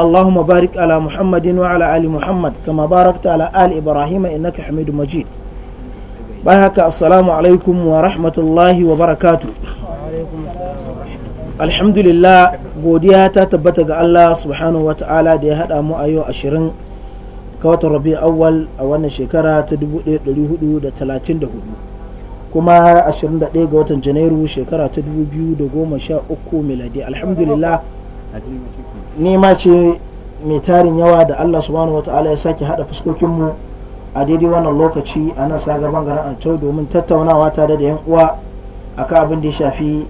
اللهم بارك على محمد وعلى آل محمد كما باركت على آل إبراهيم إنك حميد مجيد باهك السلام عليكم ورحمة الله وبركاته الحمد لله godiya ta tabbata ga Allah subhanahu wa ta'ala da ya haɗa mu a yau ashirin ga watan rabi awwal kuma wannan shekara ta 1434 kuma 21 ga watan janairu shekara ta 2013 miladi alhamdulillah ma ce mai tarin yawa da Allah subhanahu wata'ala ya sake hada fuskokinmu a daidai wannan lokaci a nan sagaban garin Antau domin tattaunawa tare da 'yan uwa akan abin da ya shafi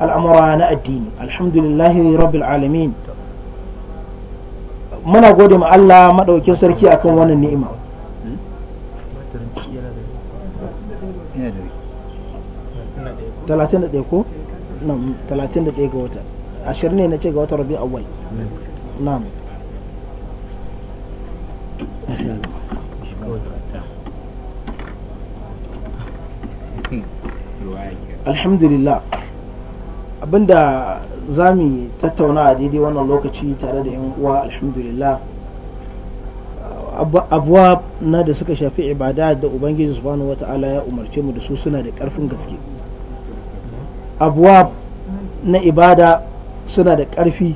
al'amura na addini alhamdulillahi rabbil alamin muna gode ma Allah maɗaukin sarki akan wannan ni'ima talatin da ɗaya ko? talatin da ɗaya ga wata ashirin ne na ce ga watan rabi awwal na'am alhamdulillah abinda za mu tattauna a daidai wannan lokaci tare da yan uwa alhamdulillah abuwa na da suka shafi ibada da ubangiji subhanahu wata'ala ya umarce mu da su suna da karfin gaske abuwa na ibada suna da ƙarfi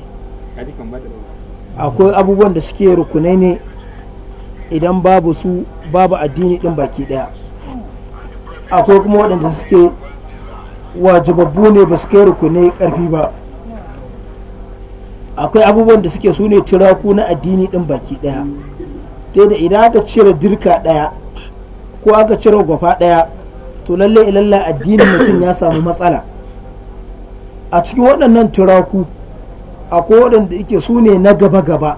akwai abubuwan da suke rukunai ne idan babu su babu addini ɗin baki ɗaya akwai kuma waɗanda suke wajibabbu ne ba su kai rukunai ƙarfi ba akwai abubuwan da suke sune ne turaku na addini ɗin baki ɗaya ta da idan aka cire dirka ɗaya ko aka cire gwafa ɗaya to lalle ilalla addinin mutum ya samu matsala a cikin waɗannan turaku ko waɗanda yake su ne na gaba-gaba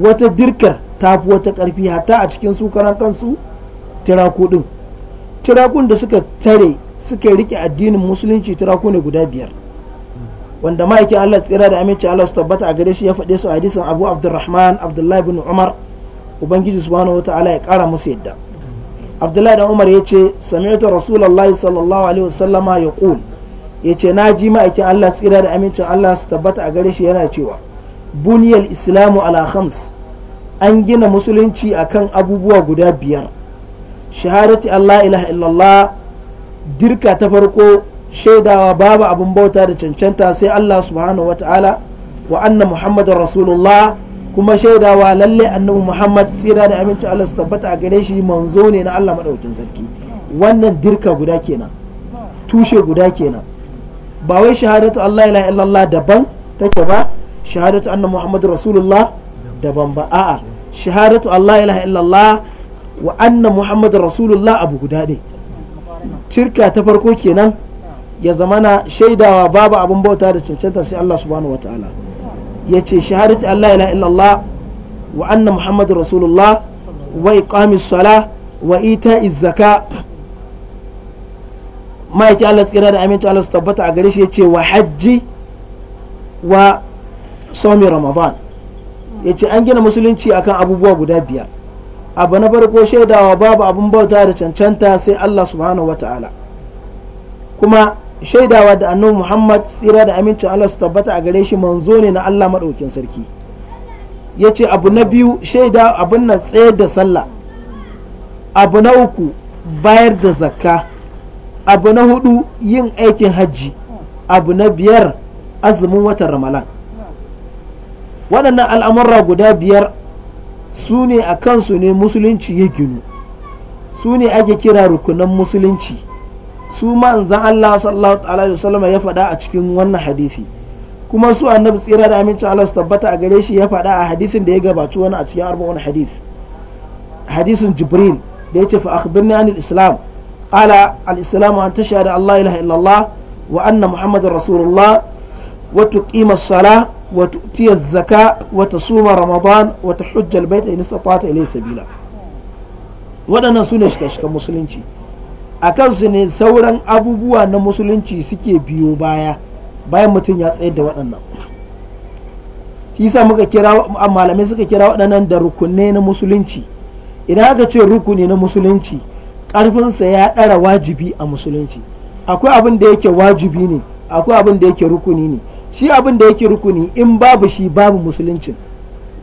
wata dirkar ta fi wata ƙarfi hatta a cikin su karan kansu turaku ɗin turakun da suka tare suka rike addinin musulunci turaku ne guda biyar wanda ma'aikin Allah tsira da aminci Allah su tabbata a gare shi ya faɗe su a hadisin Abu Abdurrahman Abdullahi bin Umar Ubangiji subhanahu wataala ya ƙara musu yadda Abdullahi dan Umar ya ce sami'tu Rasulullahi sallallahu alaihi wasallama yaqul ya ce na ji ma'aikin Allah tsira da amincin Allah su tabbata a gare shi yana cewa buniyal islamu ala khams an gina musulunci akan abubuwa guda biyar shahadati Allah ilaha illallah dirka ta farko shaidawa babu abin bauta da cancanta sai Allah subhanahu wata'ala wa anna muhammadar rasulullah kuma shaidawa lalle annabi muhammad tsira da amincin Allah su tabbata a gare shi manzo ne na Allah maɗaukin sarki wannan dirka guda kenan tushe guda kenan ba wai shahadatu Allah ilaha illallah daban take ba shahadatu anna muhammadu rasulullah daban ba a'a shahadatu Allah ilaha illallah wa anna muhammadu rasulullah abu guda ne cirka ta farko kenan ya zamana shaidawa babu abun bauta da cancanta sai Allah subhanahu wa ta'ala ya ce shahadatu Allah ilaha illallah wa anna muhammadu rasulullah wa iqamis sala wa ita'iz zaka ma'aiki Allah tsira da aminci Allah su tabbata a gare shi ya ce wa hajji wa somi ramadan ya ce an gina musulunci akan abubuwa guda biyar abu na farko shaidawa babu abin bauta da cancanta sai Allah subhanahu wa ta'ala kuma shaidawa da annabi Muhammad tsira da aminci Allah su tabbata a gare shi manzo ne na Allah maɗaukin sarki ya ce abu na biyu shaida abin na tsayar da sallah abu na uku bayar da zakka abu na hudu yin aikin hajji abu na biyar azumin watan ramalan waɗannan al'amurra guda biyar su ne a kansu ne musulunci ya ginu su ne ake kira rukunan musulunci su manzan Allah sallallahu alaihi wasallam ya faɗa a cikin wannan hadisi kuma su annabi tsira da amincin Allah su tabbata a gare shi ya faɗa a hadisin da ya gabaci wani a cikin arba'un hadis hadisin jibril da ya ce fa akhbirni anil islam ala al-islamu an tashhadu Allah ilaha illallah wa anna muhammadar rasulullah wa sala as zaka wa tasuma ramadan wata tahujja al-bayta in istata'ta ilayhi sabila waɗannan su ne shika musulunci a kansu ne sauran abubuwa na musulunci suke biyu baya bayan mutum ya tsayar da waɗannan shi sa muka kira malamai suka kira waɗannan da rukunai na musulunci idan aka ce rukuni na musulunci ƙarfinsa ya ɗara wajibi a musulunci akwai abin da yake wajibi ne akwai abin da yake rukuni ne shi abin da yake rukuni in babu shi babu musuluncin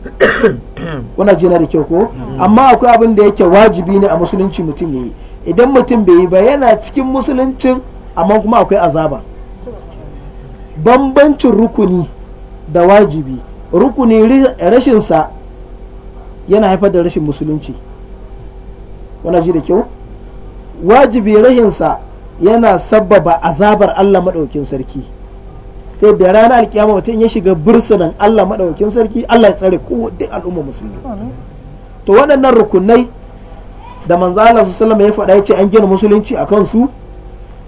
kuna jina da kyau ko amma akwai abin da yake wajibi ne a musulunci mutum ya yi idan mutum bai yi ba yana cikin musuluncin amma kuma akwai azaba bambancin rukuni da wajibi rukuni rashinsa yana haifar da rashin musulunci wana ji da kyau wajibi rahinsa yana sabbaba azabar Allah maɗaukin sarki ta yadda rana alkiyama mutum ya shiga bursunan Allah maɗaukin sarki Allah ya tsare ko duk al'umma musulmi to waɗannan rukunai da manzo Allah su sallama ya faɗa ya ce an gina musulunci a kansu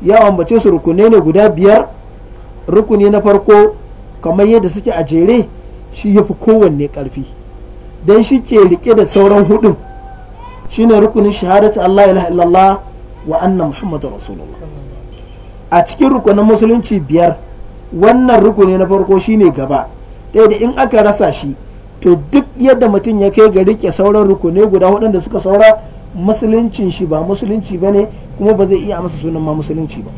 ya ambace su rukunai ne guda biyar rukuni na farko kamar yadda suke a jere shi ya fi kowanne ƙarfi don shi ke rike da sauran hudun shine rukunin shahadatu Allah ilaha illallah wa annan muhammadu rasulullah a cikin rukunin musulunci biyar wannan rukuni na farko shine gaba ɗaya da in aka rasa shi to duk yadda mutum ya kai ga rike sauran rukuni guda hudun da suka saura musuluncin shi ba musulunci ba ne kuma ba zai iya masa sunan ma musulunci ba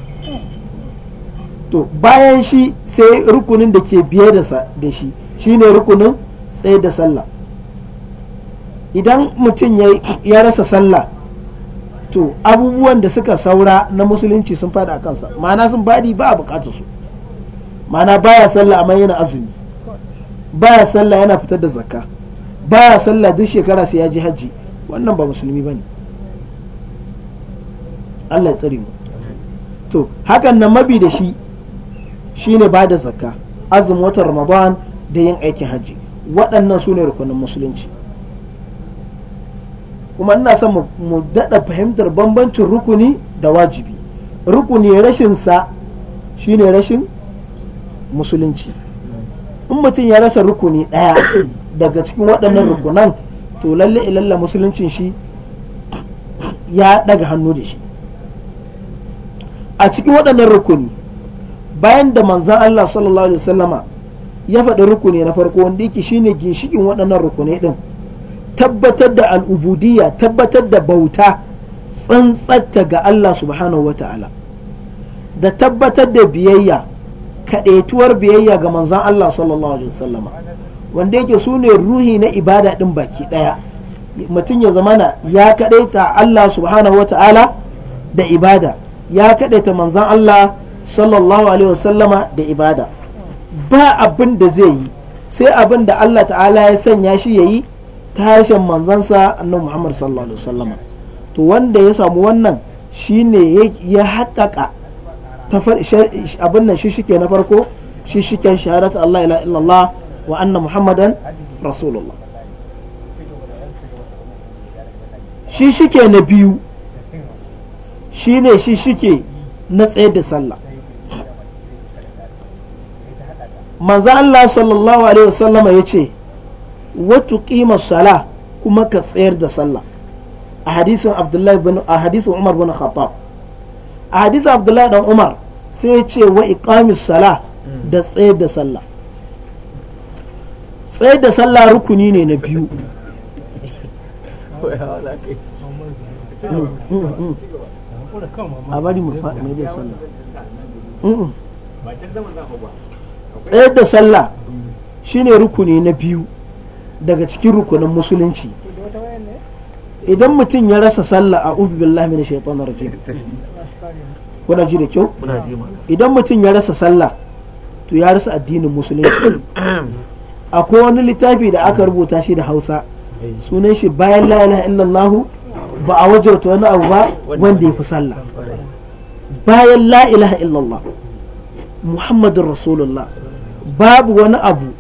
to bayan shi sai rukunin da ke biye da shi shine rukunin tsaye da sallah idan mutum ya rasa sallah to abubuwan da suka saura na musulunci sun faɗi a kansa ma'ana sun faɗi ba a bukatar su ma'ana baya sallah amma yana azumi baya sallah yana fitar da zakka baya sallah duk shekara sai ya ji hajji wannan ba musulmi bane Allah ya tsare mu to hakan nan mabi da shi shine ba da zakka azumin watan Ramadan da yin aikin hajji waɗannan su ne rukunin musulunci kuma ina son mu daɗa fahimtar bambancin rukuni da wajibi rukuni rashinsa shine rashin musulunci in mutum ya rasa rukuni ɗaya daga cikin waɗannan rukunan to lalle ilalla musuluncin shi ya ɗaga hannu da shi a cikin waɗannan rukuni bayan da manzan Allah sallallahu alaihi wasallama ya faɗi rukuni na farko wanda yake shine ginshikin waɗannan rukuni ɗin tabbatar da al'ubudiyya tabbatar da bauta tsantsatta ga Allah subhanahu wa ta'ala da tabbatar da biyayya kaɗaituwar biyayya ga manzan Allah sallallahu alaihi wasallama wanda yake su ne ruhi na ibada ɗin baki ɗaya mutum ya zama na ya kaɗaita Allah subhanahu wa ta'ala da ibada ya kaɗaita manzan Allah sallallahu alaihi wasallama da ibada ba abin da zai yi sai abin da Allah ta'ala ya sanya shi ya yi tashin manzansa annabi Muhammad sallallahu alaihi wasallam to wanda ya samu wannan shine ya haƙaƙa abin nan shi shike na farko shi shiken shahadatu Allah ila illallah wa anna Muhammadan rasulullah shi shike na biyu shine shi shike na tsaye da sallah manzo Allah sallallahu alaihi wasallama ya ce watu ƙimar sala kuma ka tsayar da sallah a hadisin abdullahi bin a hadisin umar bin khattab a hadisin abdullahi dan umar sai ya ce wa iqamis sala da tsayar da sallah tsayar da sallah rukuni ne na biyu a bari mu faɗi da sallah tsayar da sallah shine rukuni na biyu daga cikin rukunin musulunci idan mutum ya rasa sallah a billahi min shaitan rajim kuna ji da kyau idan mutum ya rasa sallah to ya rasa addinin musulunci akwai wani littafi da aka rubuta shi da hausa sunan shi bayan la ilaha illallah ba a wajarta wani abu ba wanda ya fi sallah bayan la ilaha illallah muhammadur rasulullah babu wani abu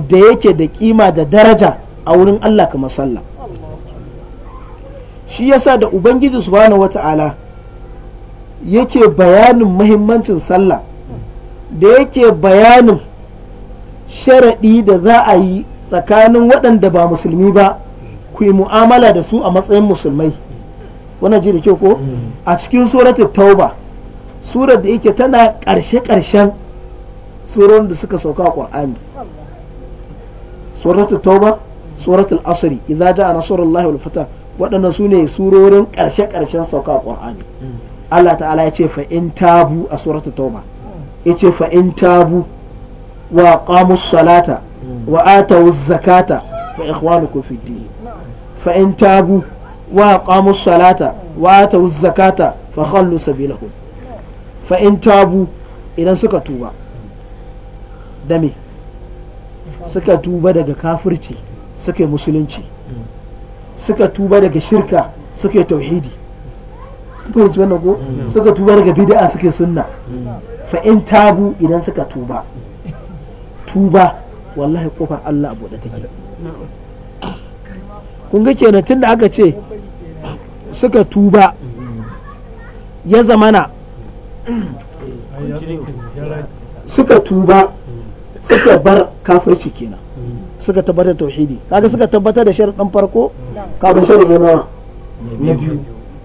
da yake da kima da daraja a wurin Allah kamar sallah shi yasa da ubangiji subhanahu wata'ala yake bayanin mahimmancin sallah da yake bayanin sharaɗi da za a yi tsakanin waɗanda ba musulmi ba ku yi mu'amala da su a matsayin musulmai wannan ji da ke ko mm. a cikin suratul tauba surar da yake tana ƙarshe-ƙarshen surorin da suka sauka a ƙur'ani suratul tauba suratul asri idza jaa nasrullahi wal fatah waɗannan su ne surorin ƙarshe ƙarshen sauka qur'ani Allah ta'ala ya ce fa in tabu a suratul tauba ya ce fa in tabu wa qamu salata wa atawuz zakata fa ikhwanukum fid din fa in tabu wa qamus salata wa atawuz zakata fa khallu sabilahum fa in tabu idan suka tuba da me suka tuba daga kafirci suka musulunci suka tuba daga shirka suka yi tauhidi fahimci wannan ko suka tuba daga bid'a suka yi sunna fa in tabu idan suka tuba tuba wallahi kofar Allah a buɗe take kun ga kenan tunda aka ce suka tuba ya zamana suka tuba suka bar kafirci kenan hmm. suka tabbatar tauhidi kaga suka tabbatar da sharadin farko hmm. kafin sharadin nawa na biyu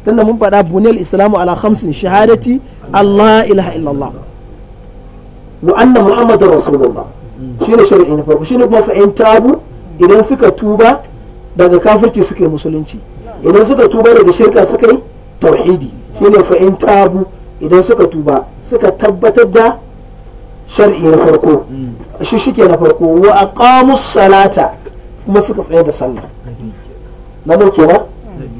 tunda mun faɗa buniyar islamu ala khamsin shahadati Allah ilaha illallah wa anna muhammadar rasulullah hmm. shine shari'i na farko shine kuma fa'in tabu idan suka tuba daga kafirci suka yi musulunci idan suka tuba daga shirka suka yi tauhidi shine fa'in tabu idan suka tuba suka tabbatar da shar'i na farko mm. shi shike na farko wa aqamus salata kuma suka tsaye da sallah na nau kenan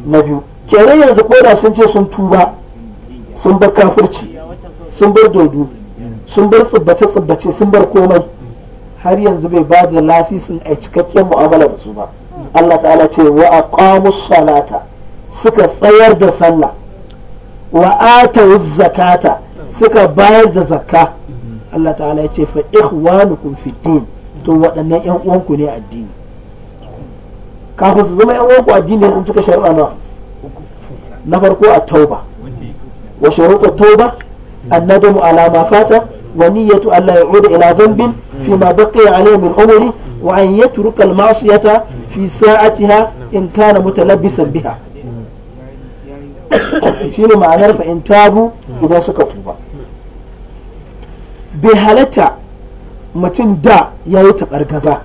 na biyu kenan yanzu koda sun ce sun tuba sun bar kafirci sun bar dodo sun bar tsibbace-tsibbace sun bar komai har yanzu bai ba da lasisin a cikakken mu'amala da su ba Allah ta'ala ce wa aqamus salata suka tsayar da sallah wa atawuz zakata suka bayar da zakka Allah ta'ala ya ce fa ikhwanukum fi din to waɗannan ƴan uwanku ne addini kafin su zama ƴan uwanku addini sun cika shari'a na na farko a tauba wa shurutu tauba annadamu ala ma fata wa niyyatu alla ya'uda ila dhanbin fi ma baqiya alayhi min umri wa an yatruka al ma'siyata fi sa'atiha in kana mutalabbisan biha shine ma'anar fa in tabu idan suka tuba bai halatta mutum da ya yi taɓargaza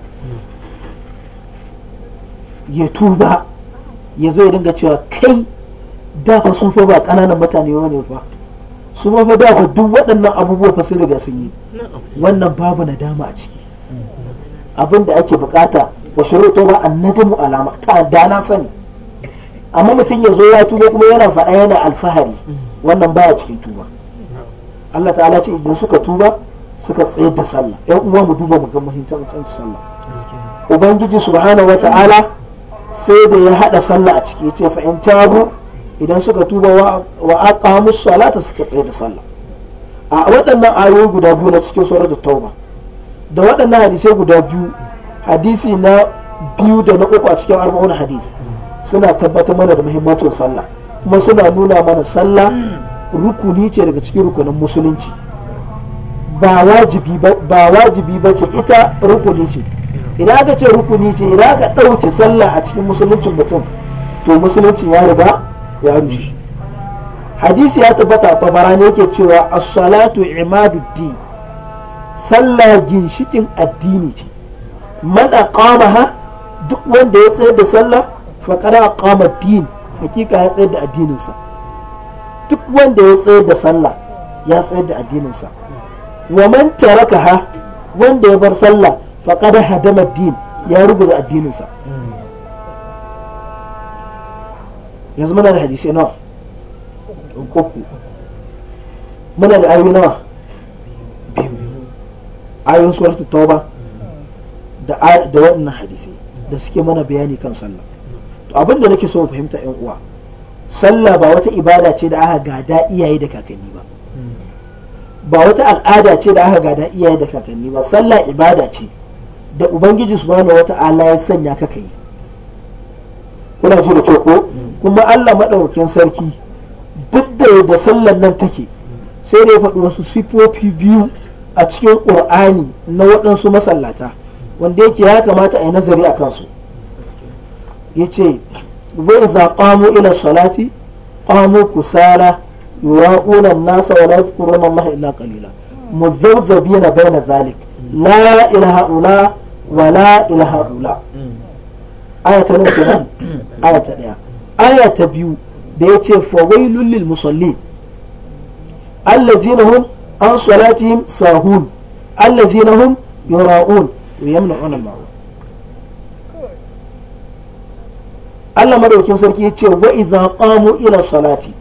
ya tuba ya zo ya dinga cewa kai da fa sun fa ba ƙananan mutane wani ba su mafi da duk waɗannan abubuwa fa sun riga sun yi wannan babu nadama a ciki abin da ake bukata wa shuruto ba mu alama ta da na sani amma mutum ya zo ya tuba kuma yana faɗa yana alfahari wannan baya cikin tuba Allah ta'ala ce idan suka tuba suka tsayar da sallah yan uwa mu duba mu ga muhimmancin sallah ubangiji subhanahu wata'ala sai da ya hada sallah a ciki ce fa in tabu idan suka tuba wa aqamu salata suka tsayar da sallah a waɗannan ayoyi guda biyu na cikin surar da tauba da waɗannan hadisai guda biyu hadisi na biyu da na uku a cikin arba'un hadisi suna tabbatar mana da muhimmancin sallah kuma suna nuna mana sallah rukuni ce daga cikin rukunin musulunci ba wajibi ba ce ita rukuni ce idan aka ce rukuni ce idan aka ɗauke sallah a cikin musuluncin mutum to musuluncin ya riga ya rushe hadisi ya tabbata tabara ne yake cewa asalatu salatu imaduddin sallah ginshikin addini ce man ha duk wanda ya tsayar da sallah faqad aqama din hakika ya tsayar da addininsa duk wanda ya tsayar da sallah ya tsayar da addininsa wa man taraka ha wanda ya bar sallah fa qad hadama din ya rubuta addininsa yanzu muna da hadisi nawa uku muna da ayoyi nawa ayoyin suwar tauba da waɗannan hadisai da suke mana bayani kan sallah to abin da nake so fahimta yan uwa sallah ba wata ibada ce da aka gada iyaye da kakanni ba ba wata al'ada ce da aka gada iyaye da kakanni ba sallah ibada ce da ubangiji subhanahu wata'ala ya sanya ka kai kuna ji da ko kuma Allah madaukakin sarki duk da yadda sallar nan take sai dai ya faɗi wasu sifofi biyu a cikin ƙur'ani na waɗansu masallata wanda yake ya kamata a yi nazari a kansu ya ce وإذا قاموا إلى الصلاة قاموا كسالى يراؤون الناس ولا يذكرون الله إلا قليلا مذبذبين بين ذلك لا إلى هؤلاء ولا إلى هؤلاء آية نمتنا آية تنيا آية تبيو ديتي فويل للمصلين الذين هم عن صلاتهم ساهون الذين هم يراؤون ويمنعون المعروف Allah madaukin sarki ya ce wa idza qamu ila salati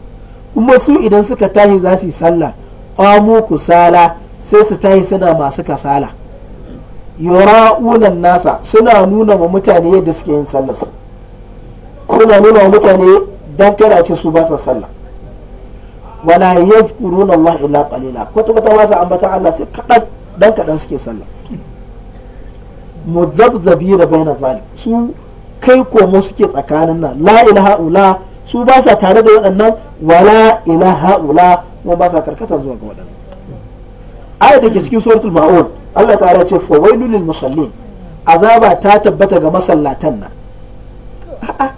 kuma su idan suka tahi za su yi sallah qamu kusala sai su tahi suna masu kasala yura'unan nasa suna nuna wa mutane yadda suke yin sallah su suna nuna wa mutane dan kada ce su ba su sallah wala yadhkuruna Allah illa qalila kwata kwata ba su ambata Allah sai kadan dan kadan suke sallah mudhabdhabina bayna zalik su kai komo suke tsakanin nan la ilaha ula su ba sa tare da waɗannan wala ilaha ula kuma ba sa karkata zuwa ga waɗannan ayat da ke cikin suratul ma'un Allah ta'ala ce fa wailul lil musallin azaba ta tabbata ga masallatan nan a'a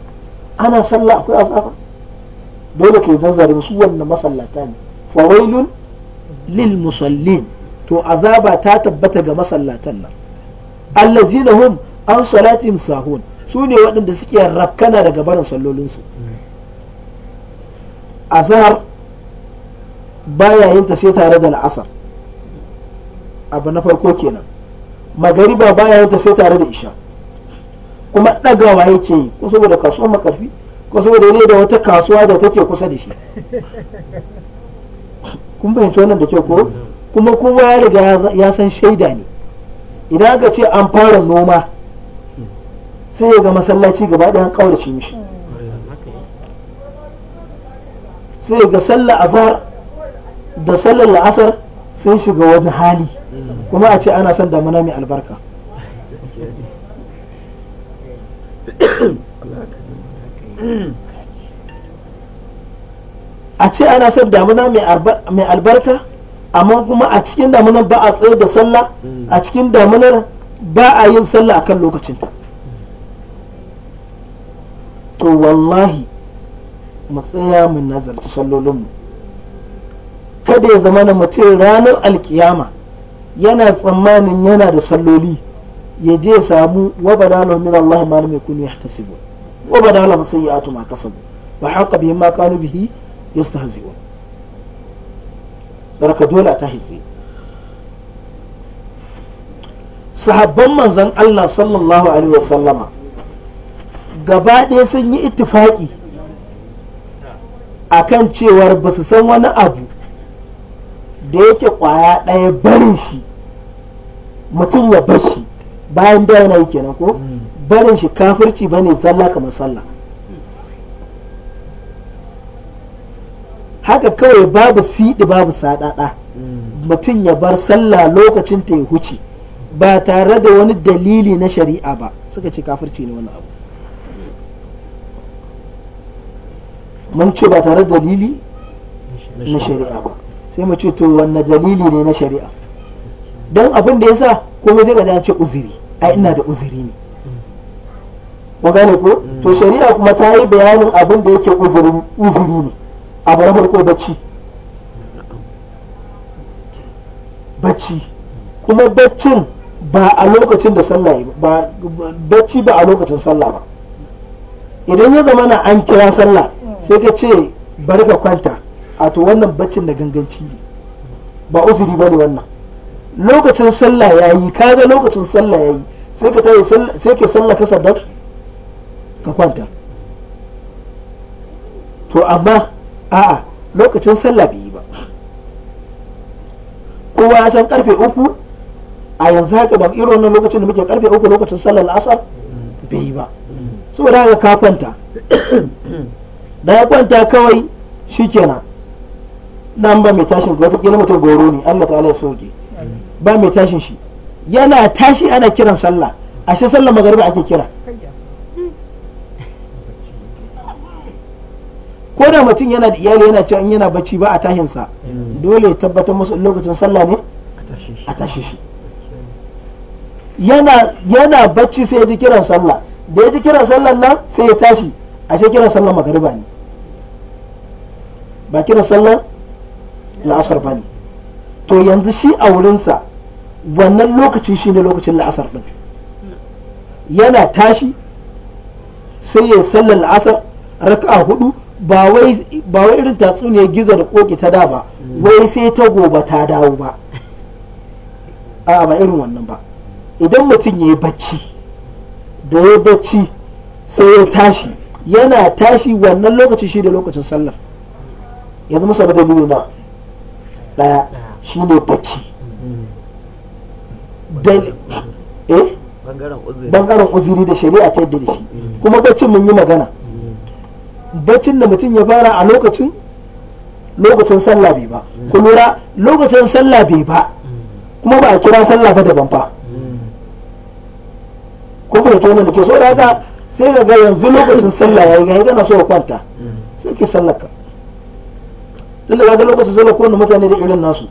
ana sallah akwai azaba dole ke nazarin su wannan masallata ne fa wailul lil musallin to azaba ta tabbata ga masallatan nan allazina hum an salatihim sahun su ne waɗanda suke rakkana daga barin sallolinsu azhar baya yin ta sai tare da la'asar abu na farko kenan magariba baya yin ta sai tare da isha kuma ɗagawa yake yi ko saboda kasuwar makarfi ko saboda ne da wata kasuwa da take kusa da shi kun fahimci wannan da ke ko kuma kowa ya riga ya san shaida ne idan aka ce an fara noma sai ya ga masallaci gaba ɗaya kaurace mishi sai ya ga sallar azhar da sallar la'asar sun shiga wani hali kuma a ce ana son damuna mai albarka a ce ana son damuna mai albarka amma kuma a cikin damunar ba a tsaye da sallah a cikin damunar ba a yin sallah akan lokacinta to wallahi mu tsaya mu nazarci sallolinmu kada ya zama na mutum ranar alkiyama yana tsammanin yana da salloli ya je samu wa badala min Allah ma lam yakun yahtasibu wa badala atu ma kasabu ba haka bihin ma kanu bihi ta yastahzi'un sarka dole ta hitsi sahabban manzan Allah sallallahu alaihi wasallama gaba ɗaya sun yi ittifaki a kan cewar ba su san wani abu da yake kwaya ɗaya barin shi mutum ya bar shi bayan bayana yake yi ko hmm. barin shi kafirci bane sallah kamar sallah haka kawai babu siɗi babu saɗaɗa hmm. mutum ya bar sallah lokacin ta ya huce ba tare da wani dalili na shari'a ba suka ce kafirci ne wani abu mun ce ba tare dalili na shari'a ba sai mu ce to wanne dalili ne na shari'a don abin da ya sa komai zai gaji ce uzuri a ina da uzuri ne ku gane ko to shari'a kuma ta yi bayanin abin da yake uzuri ne a baramar ko bacci bacci kuma baccin ba a lokacin da sallah ba bacci ba a lokacin sallah ba idan ya zama na an kira sallah sai ka ce bari ka kwanta a to wannan baccin da ganganci ne ba uzuri ba ne wannan lokacin sallah ya yi ga lokacin sallah ya yi sai ka tayi sai ka sallah ka sadar ka kwanta to amma a'a lokacin sallah bai yi ba kowa ya san karfe uku a yanzu haka ba irin wannan lokacin da muke karfe uku lokacin sallah asar bai yi ba saboda haka ka kwanta da ya kwanta kawai shi kenan nan ba mai tashin wata kila mutum goro ne Allah ta'ala ya sauke ba mai tashin shi yana tashi ana kiran sallah a shi sallah magariba ake kira ko da mutum yana da iyali yana cewa in yana bacci ba a tashinsa dole ya tabbatar musu lokacin sallah ne a tashi shi yana bacci sai ya ji kiran sallah da ya ji kiran sallah nan sai ya tashi ashe kiran sallah magariba ne ba kira sallar la'asar ba ne to yanzu shi a wurinsa wannan lokaci shi ne lokacin la'asar ɗin yana tashi sai ya sallar la'asar raka'a hudu ba wai irin tatsuniyar gizo da koki ta da ba wai sai ta gobe ta dawo ba a ba irin wannan ba idan mutum ya yi bacci da ya bacci sai ya tashi yana tashi wannan lokaci shi da lokacin sallar yanzu musa da biyu na daya shi ne bacci mm-hmm. eh? bangaren uziri da shari'a ta yadda da shi mm-hmm. kuma baccin mun yi magana mm-hmm. baccin da mutum ya fara a lokacin lokacin sallah bai ba ku lura lokacin sallah bai ba kuma ba a kira sallah ba daban fa ko ba ta wannan da ke so da haka sai ga yanzu lokacin sallah ya yi ga yana so kwanta sai ke sallar ka tunda kaga lokacin sallah kowanne mutane da irin nasu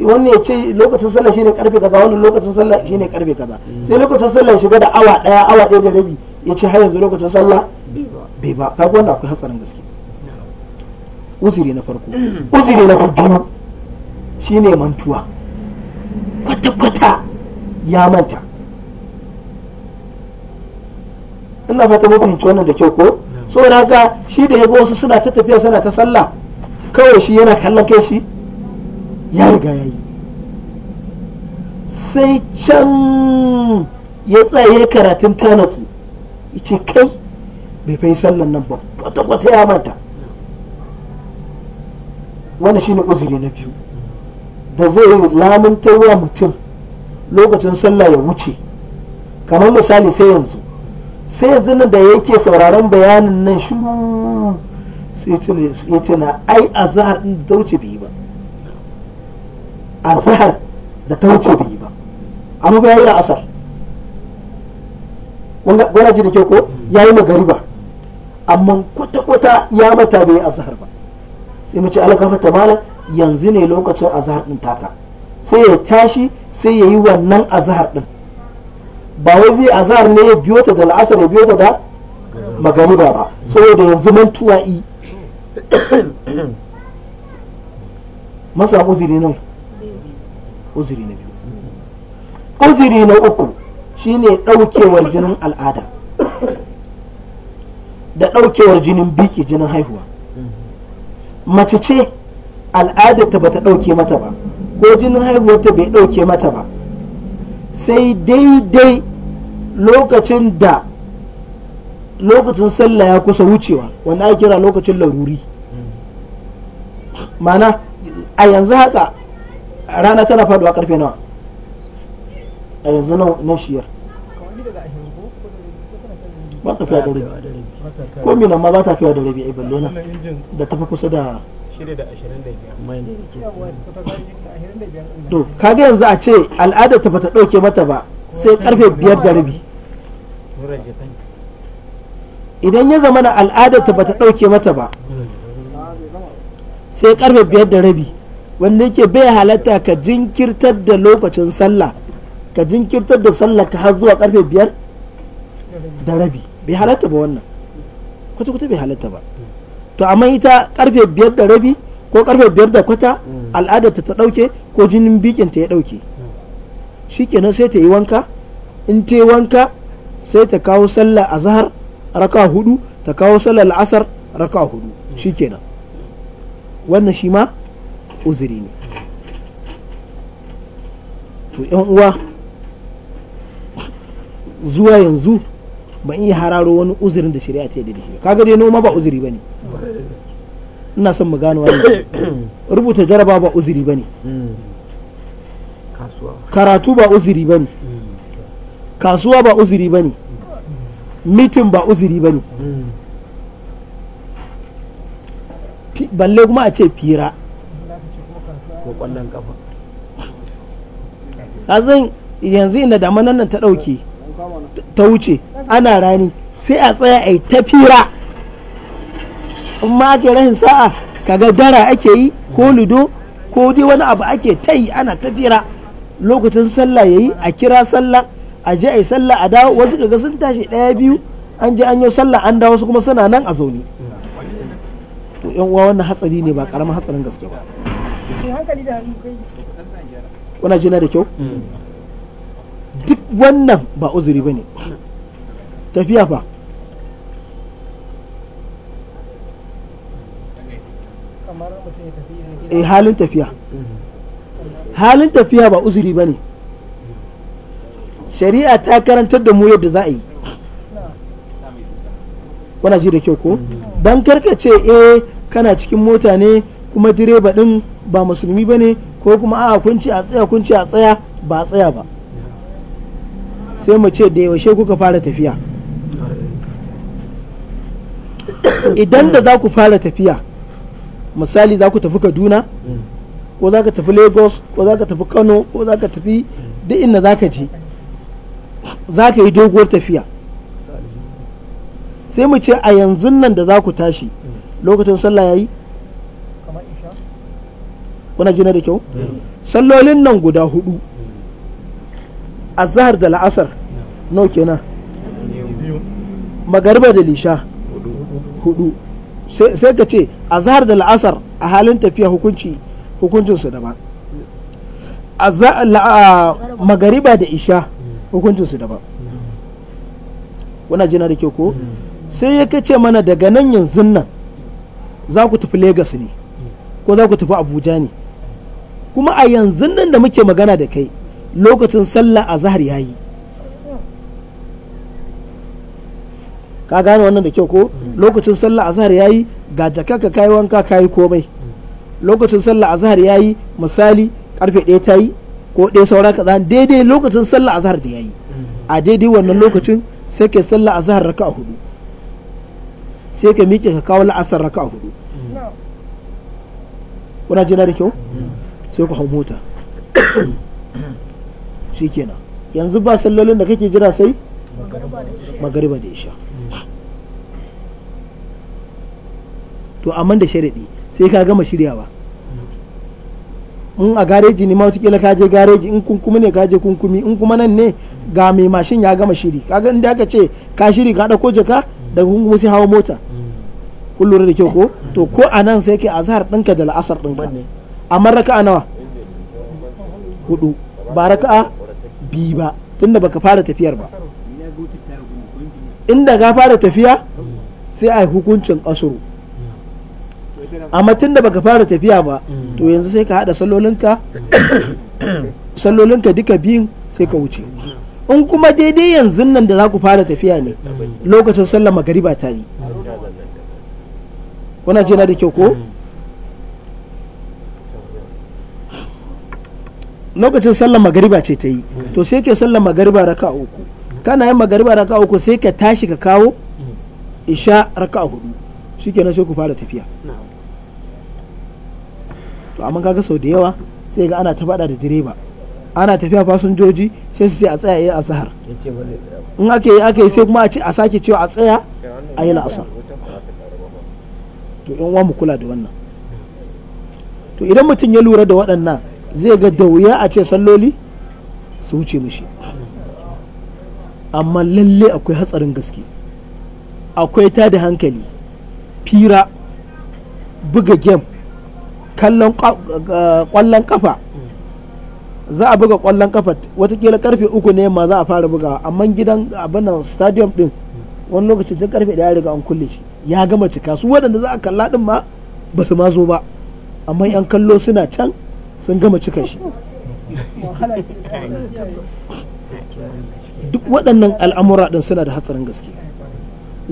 wani ya ce lokacin sallah shine karfe kaza wani lokacin sallah shine karfe kaza sai lokacin sallah shiga da awa daya awa daya da rabi ya ce har yanzu lokacin sallah bai ba kaga wannan akwai hatsarin gaske uzuri na farko uzuri na biyu shine mantuwa kwata-kwata ya manta ina fata mu wannan da kyau ko da haka shi da ya ga wasu suna ta tafiya suna ta sallah kawai shi yana kallon kai shi ya riga ya yi sai can ya tsaye karatun ta natsu ce kai bai fai sallan nan ba kwata-kwata ya manta wani shine uzuri na biyu da zai lamuntar wa mutum lokacin sallah ya wuce kamar misali sai yanzu sai yanzu nan da yake sauraron bayanin nan shi. sai cire ce na ai azhar din da ta wuce biyu ba azhar da ta wuce ba amma ba yayi asar wanda ji da ke ko yayi magariba amma kwata kwata ya mata bai yi azhar ba sai mu ce alaka fata mala yanzu ne lokacin azhar din taka sai ya tashi sai ya yi wannan azhar din ba wai zai azhar ne ya biyo ta da la'asar ya biyo ta da magariba ba saboda yanzu mantuwa i masa uziri nan, uziri na biyu uziri na uku shine daukewar jinin al'ada da daukewar jinin biki jinin haihuwa mace ce al'ada ta bata dauke mata ba ko jinin haihuwa ta bai dauke mata ba sai daidai lokacin da lokacin sallah ya kusa wucewa wanda ake kira lokacin laruri mana a yanzu haka rana tana faduwa karfe nawa a yanzu na shiyar ba ta fiya da rabi ko mina ma ba ta fiya da rabi a balle na da tafi kusa da to kaga yanzu a ce al'ada ta bata dauke mata ba sai karfe biyar da rabi idan ya zama na al'adar ta bata dauke mata ba sai karfe biyar da rabi wanda yake bai halatta ka jinkirtar da lokacin sallah ka jinkirtar da sallah ka har zuwa karfe biyar da rabi bai halatta ba wannan kwata-kwata bai halatta ba to amma ita karfe biyar da rabi ko karfe biyar da kwata mm. al'adarta ta dauke ko jinin bikinta ya dauke mm. shikenan sai ta yi wanka in ta yi wanka sai ta kawo sallah azhar raka hudu ta kawo sallah al'asar raka hudu mm. shikenan wannan shi ma uzuri ne to yan uwa zuwa yanzu ban iya hararo wani uzurin da shari'a ta yi da shi kaga dai noma ba uzuri ba ne ina son mu gano wani rubuta jaraba ba uzuri ba ne karatu ba uzuri ba ne kasuwa ba uzuri ba ne mitin ba uzuri ba ne. balle kuma a ce fira ko kwallon kafa azan yanzu inda damanan nan ta dauke ta wuce ana rani sai a tsaya a yi ta fira amma ake rahin sa'a kaga dara ake yi ko ludo ko dai wani abu ake ta yi ana ta fira lokacin sallah yayi a kira sallah a je a yi sallah a dawo wasu kaga sun tashi ɗaya biyu an je an yi sallah an dawo su kuma suna nan a zaune mm. to yan uwa wannan hatsari ne ba karamin hatsarin gaske ba wana jina da kyau duk wannan ba uzuri ba ne tafiya fa eh halin tafiya halin tafiya ba uzuri ba ne shari'a ta karantar da mu yadda za a yi wana ji da kyau ko don karka ce e eh, kana cikin mota ne kuma direba din ba musulmi ba ne ko kuma a kunci a tsaya kunci a tsaya ba a tsaya ba sai mu ce da yaushe kuka fara tafiya idan da za ku fara tafiya misali za ku tafi kaduna ko za ka tafi lagos ko za ka tafi kano ko za ka tafi duk inda za ka je za ka yi doguwar tafiya sai mu ce a yanzu nan da za ku tashi lokacin sallah ya yi. kuna jina da kyau sallolin nan guda hudu azhar da la'asar no kenan magariba da lisha hudu sai ka ce azhar da la'asar a halin tafiya hukunci hukuncinsu daban magariba da isha hukuncinsu daban wana jina da kyau ko sai ya kace mana daga nan yanzu nan za ku tafi Legas ne ko za ku tafi Abuja ne kuma a yanzu nan da muke magana da kai lokacin sallah a zahar ya yi. ka gane wannan da kyau ko lokacin sallah a zahar ya yi ga jaka ka kayi wanka kayi komai lokacin sallah a zahar ya yi misali karfe ɗaya ta yi ko ɗaya saura ka zan daidai lokacin sallah a zahar da ya yi a daidai wannan lokacin sai ke sallah a zahar raka a hudu sai ka miƙe ka kawo la'asar raka hudu kuna jina da kyau sai ku hau mota shi kenan yanzu ba sallolin da kake jira sai magariba da isha to amma da sharaɗi sai ka gama shiryawa in a gareji ne ma ka je gareji in kunkumi ne ka je kunkumi in kuma nan ne ga mai mashin ya gama shiri kaga inda aka ce ka shiri ka ɗauko jaka daga kuma sai hawa mota kun da kyau ko to ko a nan sai ke azhar ɗinka da la'asar ɗinka amma raka'a nawa hudu ba raka'a bi ba tun ba baka fara tafiyar ba inda ka fara tafiya sai a yi hukuncin kasuru amma tun ba baka fara tafiya ba to yanzu sai ka haɗa sallolinka sallolinka duka biyun sai ka wuce in kuma daidai yanzu nan da za ku fara tafiya ne lokacin sallar magariba ta yi kuna jina da kyau ko lokacin sallar magariba ce ta yi to sai ke sallar magariba raka uku kana yin magariba raka uku sai ka tashi ka kawo isha raka hudu shikenan sai ku fara tafiya to amma kaga sau da yawa sai ga ana ta faɗa da direba ana tafiya fasinjoji sai su ce a tsaya yi asahar in ake yi aka sai kuma a sake cewa a tsaya a yi la'asar to in wa mu kula da wannan to idan mutum ya lura da waɗannan zai ga da wuya a ce salloli su wuce mishi amma lalle akwai hatsarin gaske akwai ta da hankali fira buga gem kallon kwallon kafa za a buga kwallon kafa watakila karfe uku ne ma za a fara bugawa amma gidan abin nan stadium din wani lokaci tun karfe da ya riga an kulle shi ya gama cika su waɗanda za a kalla din ma ba su ma zo ba amma yan kallo suna can sun gama cika shi duk waɗannan al'amura din suna da hatsarin gaske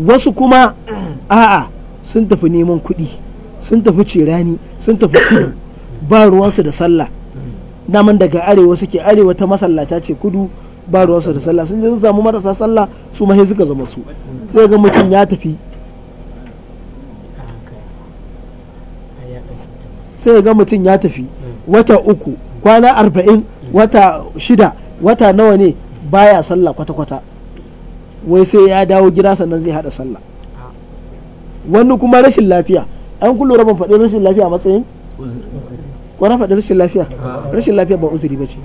wasu kuma a'a sun tafi neman kuɗi sun tafi cirani sun tafi ba ruwansu da sallah daman daga arewa suke arewa ta masallata ce kudu ba ruwansu da sallah sun samu marasa sallah su mahe suka zama su sai ga mutum ya tafi sai ga mutum ya tafi wata uku kwana arba'in wata shida wata nawa ne baya sallah kwata-kwata wai sai ya dawo gida sannan zai hada sallah wani kuma rashin lafiya an kullum rabin faɗin rashin lafiya matsayin ko na faɗi rashin lafiya rashin lafiya ba uzuri ba ce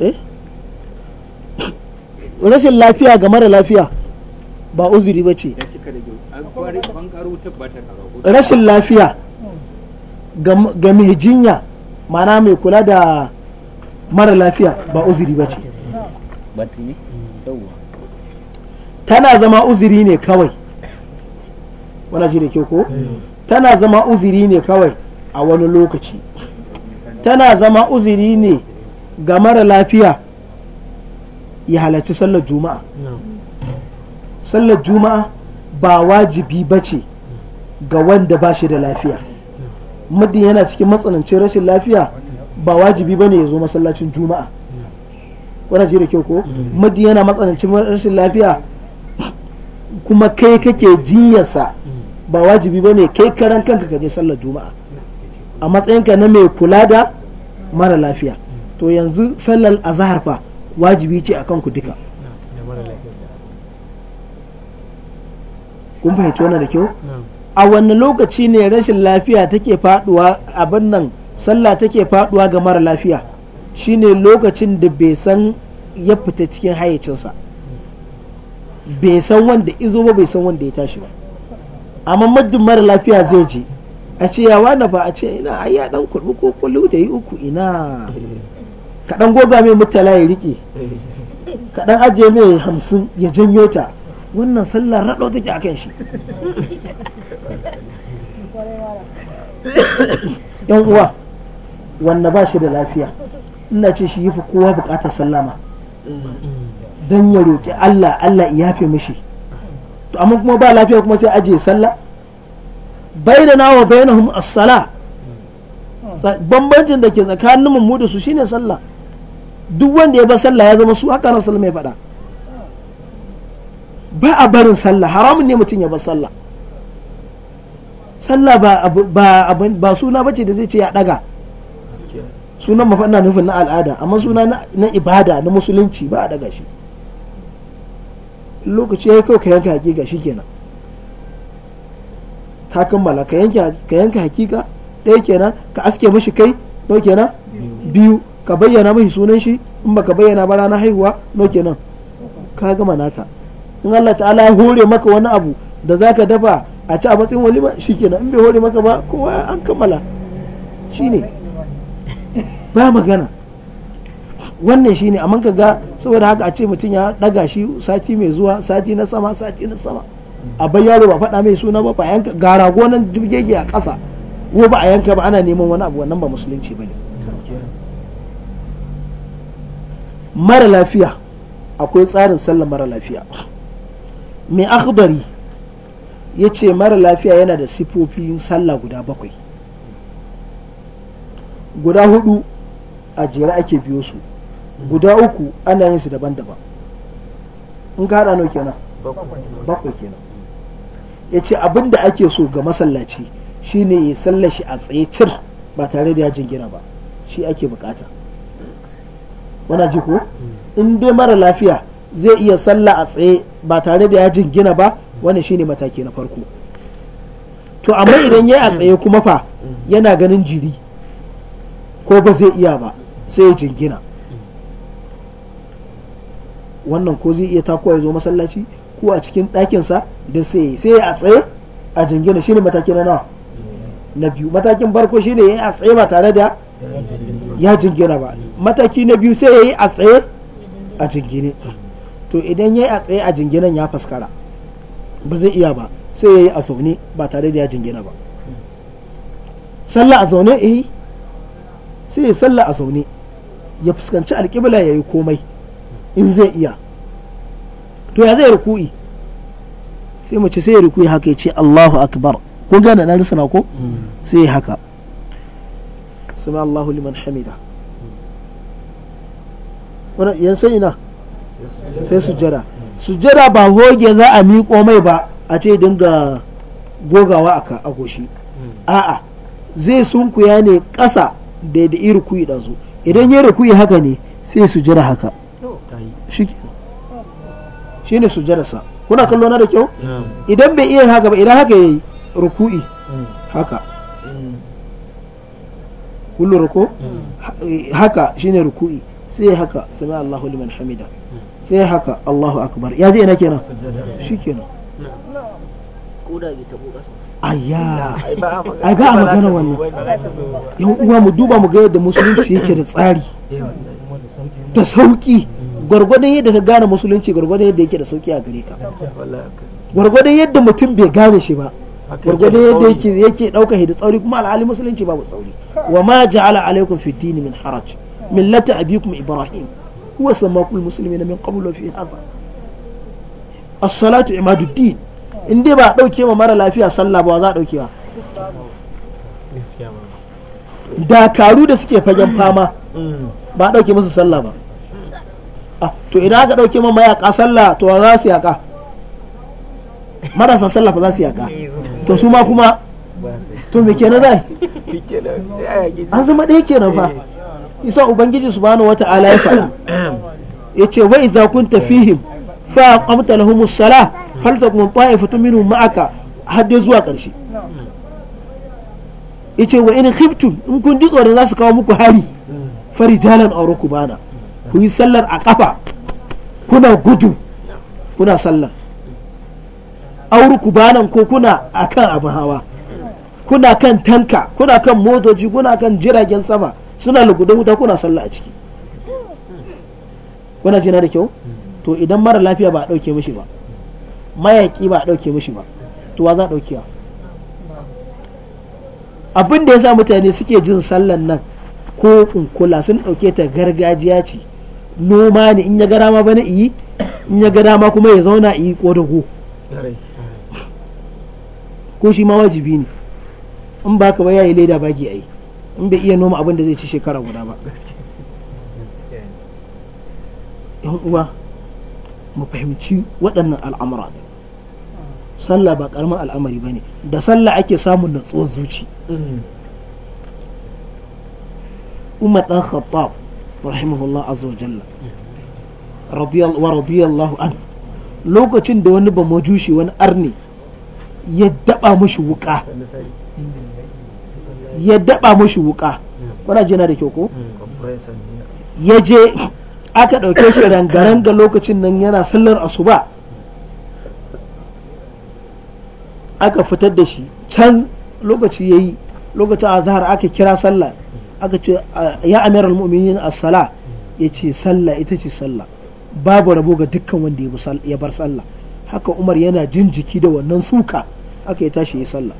eh? rashin lafiya ga mara lafiya ba uzuri ba ce rashin lafiya ga mai jinya mana mai kula da mara lafiya ba uzuri ba ce tana zama uzuri ne kawai wana ji da ke ko tana zama uziri ne kawai a wani lokaci tana zama uziri ne ga mara lafiya ya halarci sallar juma'a sallar juma'a ba wajibi ba ce ga wanda ba shi da lafiya muddin yana cikin matsanancin rashin lafiya ba wajibi ba ne ya zo masallacin juma'a wani ji da ko muddin yana matsanancin rashin lafiya kuma kai kake jinyarsa ba wajibi ba ne kai karan kanka ka je sallar juma'a a matsayinka na mai kula da mara lafiya to yanzu sallar azahar fa wajibi ce akan ku duka kun fahimci wannan da kyau a wanne lokaci ne rashin lafiya take faduwa abin nan sallah take faduwa ga mara lafiya shine lokacin da bai san ya fita cikin hayyacinsa bai san wanda izo ba bai san wanda ya tashi ba amma muddin mara lafiya zai je a ce ya wani ba a ce ina ai ya dan kurbi ko da yi uku ina ka goga mai mutala ya rike ka ajiye mai hamsin ya janyo ta wannan sallar rado take a kan shi yan uwa wanda ba shi da lafiya ina ce shi yi fi kowa bukatar sallama don ya roƙi allah allah ya fi mishi to amma kuma ba lafiya kuma sai ajiye sallah bainana wa bainahum as-sala bambancin da ke tsakanin mu da su shine sallah duk wanda ya ba sallah ya zama su haka sallah mai faɗa ba a barin sallah haramun ne mutum ya ba sallah sallah ba ba ba suna bace da zai ce ya daga sunan mafanna nufin na al'ada amma suna na ibada na musulunci ba a daga shi lokaci ya yi kawai ka yanka hakika shi kenan ka kammala ka yanka hakika ɗaya kenan ka aske mashi kai no kenan biyu ka bayyana mashi sunan shi in ba ka bayyana ba ranar haihuwa no kenan ka gama naka in Allah ta'ala ya hore maka wani abu da za ka dafa a ci a matsayin walima shikenan in bai hore maka ba kowa an kammala shine ba magana wannan shine amma ka ga saboda haka a ce mutum ya daga shi sati mai zuwa sati na sama sati na sama a bai ba faɗa mai suna ba ba yanka gara gonan jibgege a ƙasa ko ba a yanka ba ana neman wani abu wannan ba musulunci ba ne mara lafiya akwai tsarin sallar mara lafiya mai akhbari ya ce mara lafiya yana da sifofin sallah guda bakwai guda hudu a jere ake biyo su guda uku ana yin su daban-daban in ka haɗa nau kenan bakwai kenan ya ce abin da ake so ga masallaci shine ya sallashi a tsaye cir ba tare da ya gina ba shi ake bukata wana ji ko in dai mara lafiya zai iya salla a tsaye ba tare da ya gina ba wani shine mataki na farko to amma idan ya a tsaye kuma fa yana ganin jiri ko ba zai iya ba sai ya jingina wannan ko zai iya takuwa ya zo masallaci ko a cikin ɗakinsa don sai sai a tsaye a jingina shine mataki na nawa na biyu matakin farko shine yayi a tsaye ba tare da ya jingina ba mataki na biyu sai yayi a tsaye a jingine to idan yayi a tsaye a jinginan ya faskara ba zai iya ba sai yayi a zaune ba tare da ya jingina ba sallah a zaune eh sai ya sallah a zaune ya fuskanci alƙibla yayi komai in zai iya to ya zai ruku'i sai mace sai ya ruku'i haka ya ce Allahu akbar ko gane na risana ko hmm. sai ya haka sami Allahu liman hamida hmm. wani yan sai ina sai sujjada sujjada ba goge za a miƙo mai ba a ce dinga gogawa a ka a goshi hmm. a'a zai sunkuya ne ƙasa da da iri kuyi ɗazu idan ya rikuyi haka ne sai sujjada haka shi ne sujjadarsa kuna kallo na da kyau idan bai iya haka ba idan haka yayi ruku'i mm. haka mm. kullu ruku mm. eh, haka shine ruku'i sai haka sami Allahu liman hamida sai haka Allahu akbar ya ji ina kenan shi kenan ai ba a magana wannan yan uwa mu duba mu ga yadda musulunci yake da tsari eh, da sauki gwargwadon yadda ka gane musulunci gwargwadon yadda yake da sauki a gare ka gwargwadon yadda mutum bai gane shi ba gwargwadon yadda yake yake dauka hidda tsauri kuma alhali musulunci babu tsauri wa ma ja'ala alaikum fi dini min haraj millata abikum ibrahim huwa sammakul muslimin min qablu fi hadha as-salatu imaduddin in dai ba dauke ma mara lafiya sallah ba za a dauke ba dakaru da suke fagen fama ba dauke musu sallah ba to idan aka dauke ma mayaka sallah to za su yaka marasa sallah fa za su yaka to su ma kuma to me kenan dai an zama ɗaya kenan fa isa ubangiji subhanahu wata'ala ya faɗa yace wa idza kunta fihim fa aqamta as salah faltakum ta'ifatun minhum ma'aka har dai zuwa ƙarshe yace wa in khiftum in kun ji tsoron za su kawo muku hari farijalan aw rukbana ku yi sallar a ƙafa kuna gudu kuna sallar auru ku banan ko kuna a kan abin hawa kuna kan tanka kuna kan motoci kuna kan jiragen sama suna lugudan wuta kuna sallar a ciki kuna jina da kyau to idan mara lafiya ba a ɗauke mishi ba mayaƙi ba a ɗauke mishi ba to wa za a ɗauke abin da ya sa mutane suke jin sallan nan ko kunkula sun ɗauke ta gargajiya ce noma ne in ya ga dama bana iyi in ya ga dama kuma ya zauna iyi ko da ko ko shi ma wajibi ne in ba ka ba yayi leda baki ai in bai iya noma abin da zai ci shekara guda ba yan uwa mu fahimci waɗannan al'amura sallah ba karamin al'amari ba ne da sallah ake samun natsuwar zuci mm. umar dan khattab رحمه الله عز وجل رضي الله ورضي الله عنه lokacin da wani bamajushi wani arni ya daba mashi wuka ya daba mashi wuka je na da kyau ko ya je aka ɗauke shi rangaranga lokacin nan yana sallar asuba aka fitar da shi can lokaci ya yi lokacin azahar aka kira sallar. aka ce ya amir al-mu'minin as-sala yace sallah ita ce sallah babu rabo ga dukkan wanda ya bar sallah haka Umar yana jin jiki da wannan suka aka ya tashi ya sallah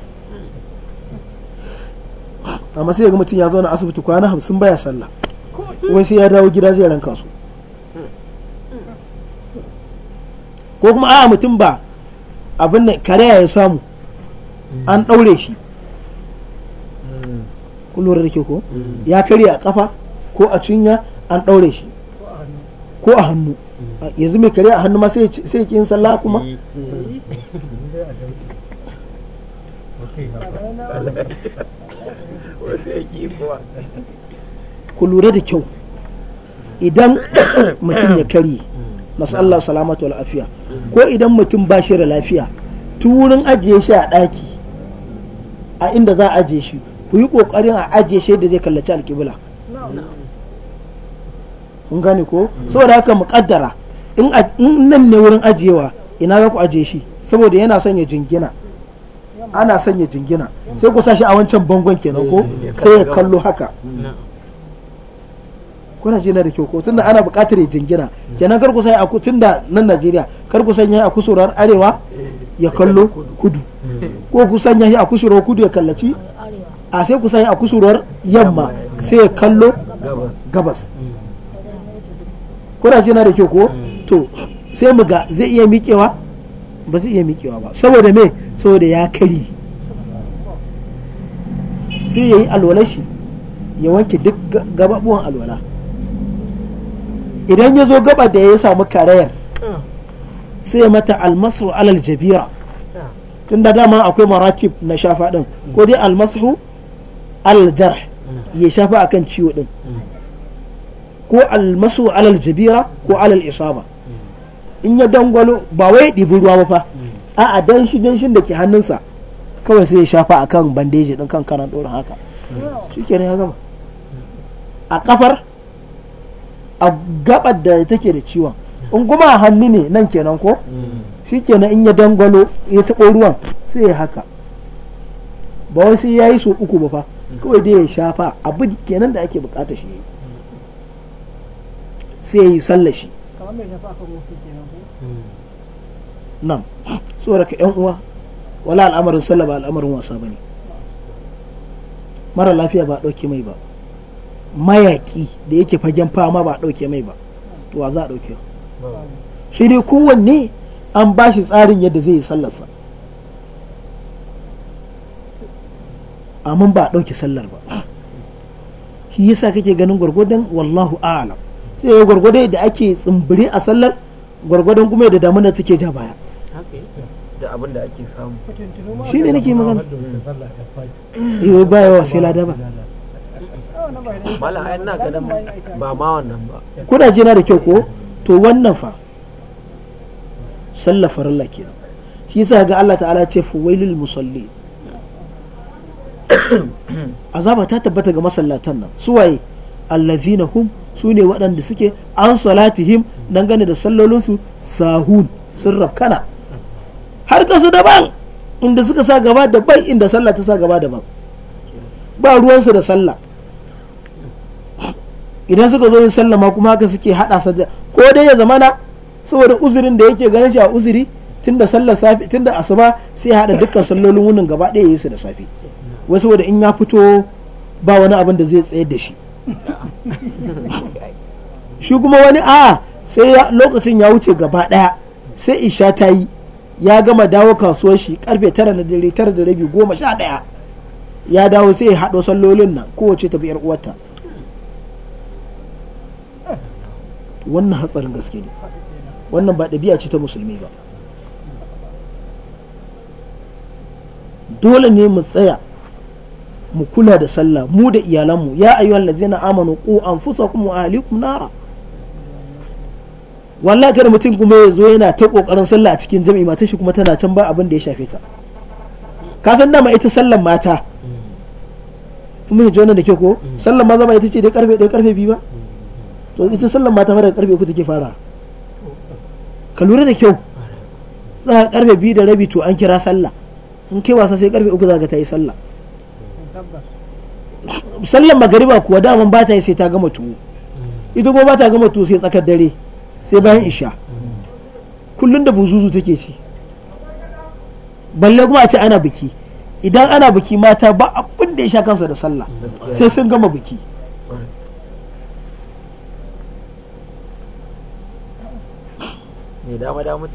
amma sai ga mutum ya zo na asibiti kwana hamsin baya sallah wai sai ya dawo gida zai ranka su ko kuma a mutum ba abin nan kare ya samu an ɗaure shi kullum da ke ko ya karya a kafa ko a cinya an ɗaure shi ko a hannu yanzu mai karya a hannu ma sai ki yin sallah kuma ku lura da kyau idan mutum ya karye masu Allah salamatu lafiya ko idan mutum ba shi da lafiya tu wurin ajiye shi a ɗaki a inda za a ajiye shi ku yi kokarin a ajiye shi da zai kallaci alƙibla kun gane ko saboda haka mu kaddara in nan ne wurin ajiyewa ina za ku ajiye shi saboda yana son ya jingina ana son ya jingina sai ku sashi a wancan bangon kenan ko sai ya kallo haka kuna jina da kyau ko tunda ana buƙatar ya jingina kenan kar ku sai a tunda nan Najeriya kar ku sanya a kusurar arewa ya kallo kudu ko ku sanya shi a kusurar kudu ya kallaci a sai ku a kusurwar yamma sai ya kallo gabas mm. kuraje na da kyau ko mm. to sai mu ga zai iya miƙewa ba zai iya miƙewa ba saboda me saboda ya kari sai ya yi alwalar shi ya wanke duk gababuwan alwala idan ya zo gaba da ya samu karayar mm. sai ya mata almasu alal jabira tun da dama akwai marakib na shafa ɗin ko dai almasu alal ya shafa akan ciwo din ko almasu alal jabira ko alal isaba in ya dangwalo ba wai ɗibi ruwa ba fa a'a danshi danshin da ke hannunsa kawai sai ya shafa akan bandeji din kan karan dorin haka shike ya gama a kafar a gabar da take da ciwon in kuma hannu ne nan kenan ko shikenan in ya dangwalo ya taɓo ruwan sai ya haka ba wai sai ya yi so uku ba fa kawai dai ya shafa abin kenan da ake bukata shi sai ya yi sallashi nan tsoraka ka yan uwa wala al'amarin sallaba al'amarin wasa ba ne mara lafiya ba ɗauke mai ba mayaki da yake fagen fama ba ɗauke mai ba to wa za a ɗauke shi dai kowanne an ba shi tsarin yadda zai yi sallarsa amma ba a ɗauki sallar ba shi yasa kake ganin gwargwadon wallahu a'lam sai ya gwargwadon da ake tsimbiri a sallar gwargwadon kuma da damuna take ja baya da abin da ake samu shi ne nake magana yau eh, ba yawa sai lada ba mala na ganin ba ma wannan ba kuna jina da kyau ko to wannan fa sallar farilla kenan shi yasa ga Allah ta'ala ce fuwailul musalli azaba ta tabbata ga masallatan nan suwaye allazina hum su ne waɗanda suke an salatihim dangane da sallolinsu sahun sun rafkana har kasu daban inda suka sa gaba da bai inda sallah ta sa gaba daban ba ruwansu da sallah idan suka zo yin sallah ma kuma haka suke haɗa sa ko dai ya zamana saboda uzurin da yake ganin shi a uzuri tunda sallar safi tunda asuba sai haɗa dukkan sallolin wunin gaba ɗaya yi su da safe wai saboda in ya fito ba wani abin da zai tsayar da shi shi kuma wani a sai lokacin ya wuce gaba daya sai isha ta yi ya gama dawo kasuwar shi karfe tara na dare tara da rabi goma sha daya ya dawo sai ya haɗo sallolin nan kowace tafi yar uwarta wannan hatsarin gaske ne wannan ba ɗabi'a ce ta musulmi ba dole ne mu tsaya mu kula da sallah mu da iyalanmu ya ayyuhal ladzina amanu qu anfusakum wa ahlikum nara wallahi kada mutum kuma ya zo yana ta kokarin sallah a cikin jami'i matan shi kuma tana can ba abin da ya shafe ta ka san dama ita sallan mata kuma ji wannan da ke ko mm. sallan maza ba ita ce dai karfe karfe biyu ba mm. to ita sallan mata fara karfe uku take fara ka lura da kyau za ka karfe biyu da rabi to an kira sallah in kai wasa sai karfe uku za ka ta yi sallah sallan magariba kuwa daman ba ta yi sai ta gama tuwo ita kuma ba ta gama tuwo sai tsakar dare sai bayan isha kullum da buzuzu take ci balle kuma a ce ana biki idan ana biki mata ba abin da ya sha kansa da sallah sai sun gama biki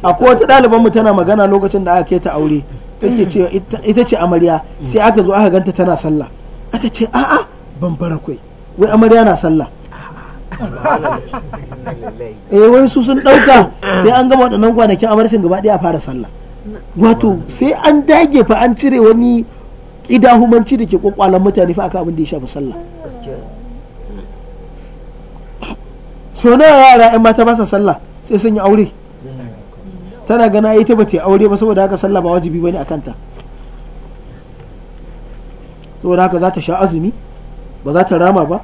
akwai wata ɗalibanmu tana magana lokacin da aka kai ta aure take cewa ita ce amarya sai aka zo aka ganta tana sallah aka ce a'a ban fara kai wai amarya na sallah eh wai su sun dauka sai an gama waɗannan kwanakin amarcin gaba ɗaya a fara sallah wato sai an dage fa an cire wani kidahumanci da ke kwakwalan mutane fa aka abin da ya shafi sallah so nawa yara 'yan mata ba sa sallah sai sun yi aure tana gana ita ba ta aure ba saboda haka sallah ba wajibi bane a kanta saboda haka za ta sha azumi ba za ta rama ba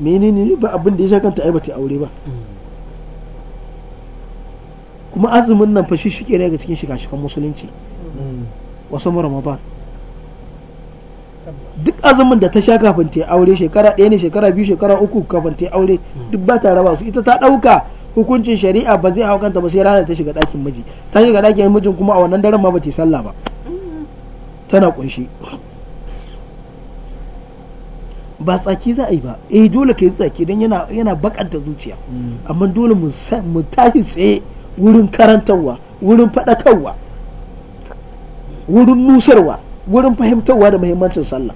menene ba abin da ya sha kanta ai ba ta aure ba kuma azumin nan fa shi shike ne ga cikin shiga musulunci wasu ramadan duk azumin da ta sha kafin ta aure shekara ɗaya ne shekara biyu shekara uku kafin ta aure duk ba ta raba su ita ta ɗauka hukuncin shari'a ba zai hau kanta ba sai rana ta shiga ɗakin miji ta shiga ɗakin mijin kuma a wannan daren ma ba ta sallah ba tana kunshi ba tsaki za a yi ba eh dole ka yi tsaki don yana yana bakanta zuciya mm. amma dole mu tashi tsaye wurin karantarwa wurin faɗakarwa wurin nusarwa wurin fahimtarwa da muhimmancin sallah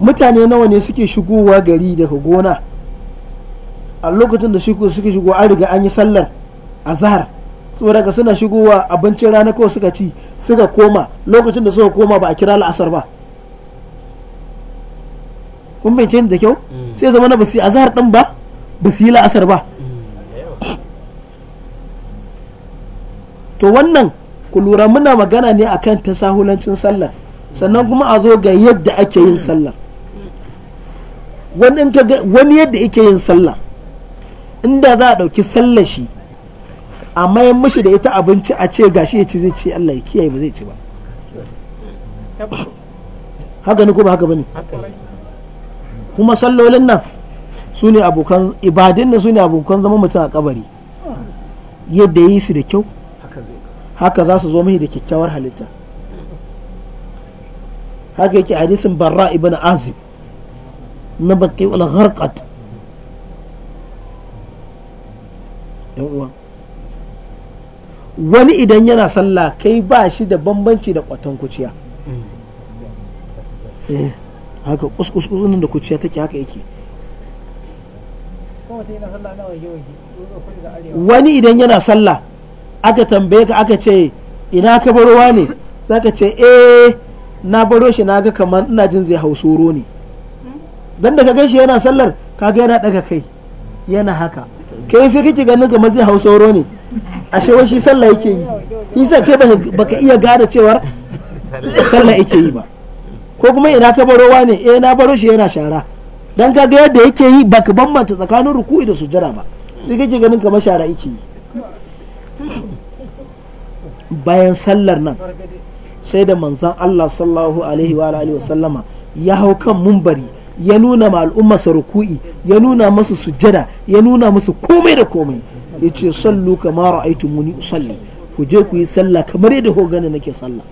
mutane nawa ne suke shigowa gari daga gona a lokacin da suke shigo an riga an yi sallar azhar saboda ka suna shigowa abincin rana kawai suka ci suka koma lokacin da suka koma ba a kira la'asar ba kun bai da kyau mm. sai zama na basu yi azhar din ba su yi la'asar ba to wannan ku lura muna magana ne akan tasahulancin sallar sannan kuma a zo ga yadda ake yin sallar wani yadda yake yin sallah inda za a ɗauki sallah shi a mayan mashi da ita abinci a ce gashi ya ci zai ci Allah ya kiyaye ba zai ci ba haka ne kuma haka bane kuma sallolin nan su ne abokan ibadin nan su ne abokan zama mutum a kabari yadda ya yi su da kyau haka za su zo mai da kyakkyawar halitta haka yake hadisin barra ibn azib na baki wal gharqat wani idan yana sallah kai ba shi da bambanci da kwaton kuciya eh haka kuskus da kuciya take haka yake wani idan yana sallah aka tambaye ka aka ce ina ka barowa ne zaka ce eh na baro shi na ga kamar ina jin zai hausoro ne dan ka gaishe yana sallar kaga yana daga kai yana haka kai sai kake ganin kamar zai hau sauro ne ashe wai shi sallah yake yi shi sai kai baka iya gane cewar sallah yake yi ba ko kuma ina ka baro wane eh na baro shi yana shara dan kaga yadda yake yi baka bambanta tsakanin ruku'i da sujjara ba sai kake ganin kamar shara yake yi bayan sallar nan sai da manzon Allah sallallahu alaihi wa alihi wa sallama ya hau kan mumbari ya nuna ma al'umma saruku'i ya nuna musu sujjada ya nuna musu komai da komai yace sallu kama muni usalli ku je ku yi sallah kamar yadda ko gani nake sallah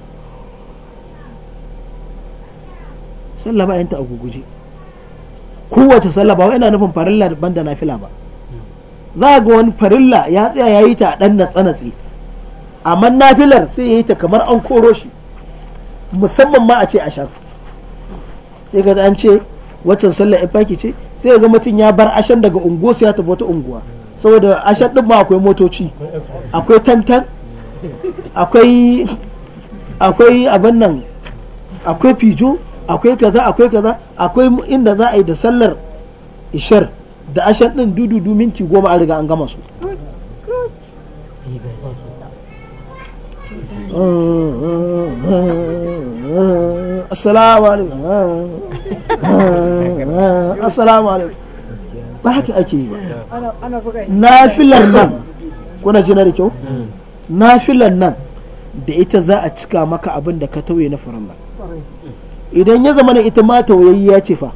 sallah ba yanta a guguje kowace sallah ba yana nufin farilla daban da nafila ba za ga wani farilla ya tsaya ya yi ta a ɗan natsanatsi amma nafilar sai ya yi ta kamar an koro shi musamman ma a ce a shafi sai ka an ce waccan sallar ifaki ce sai ga mutum ya bar ashan daga unguwa sai ya tafi wata unguwa saboda ashan din ma akwai motoci akwai tantan akwai akwai abin nan akwai fijo akwai kaza akwai kaza akwai inda za a yi da sallar ishar da ashan din dududu minti goma a riga an gama su assalamu alaikum assalamu alaikum ba haka ake yi ba nafilar nan kuna jina da kyau nafilar nan da ita za a cika maka abin da ka tauye na farilla idan ya zama na ita ma tauyayya ce fa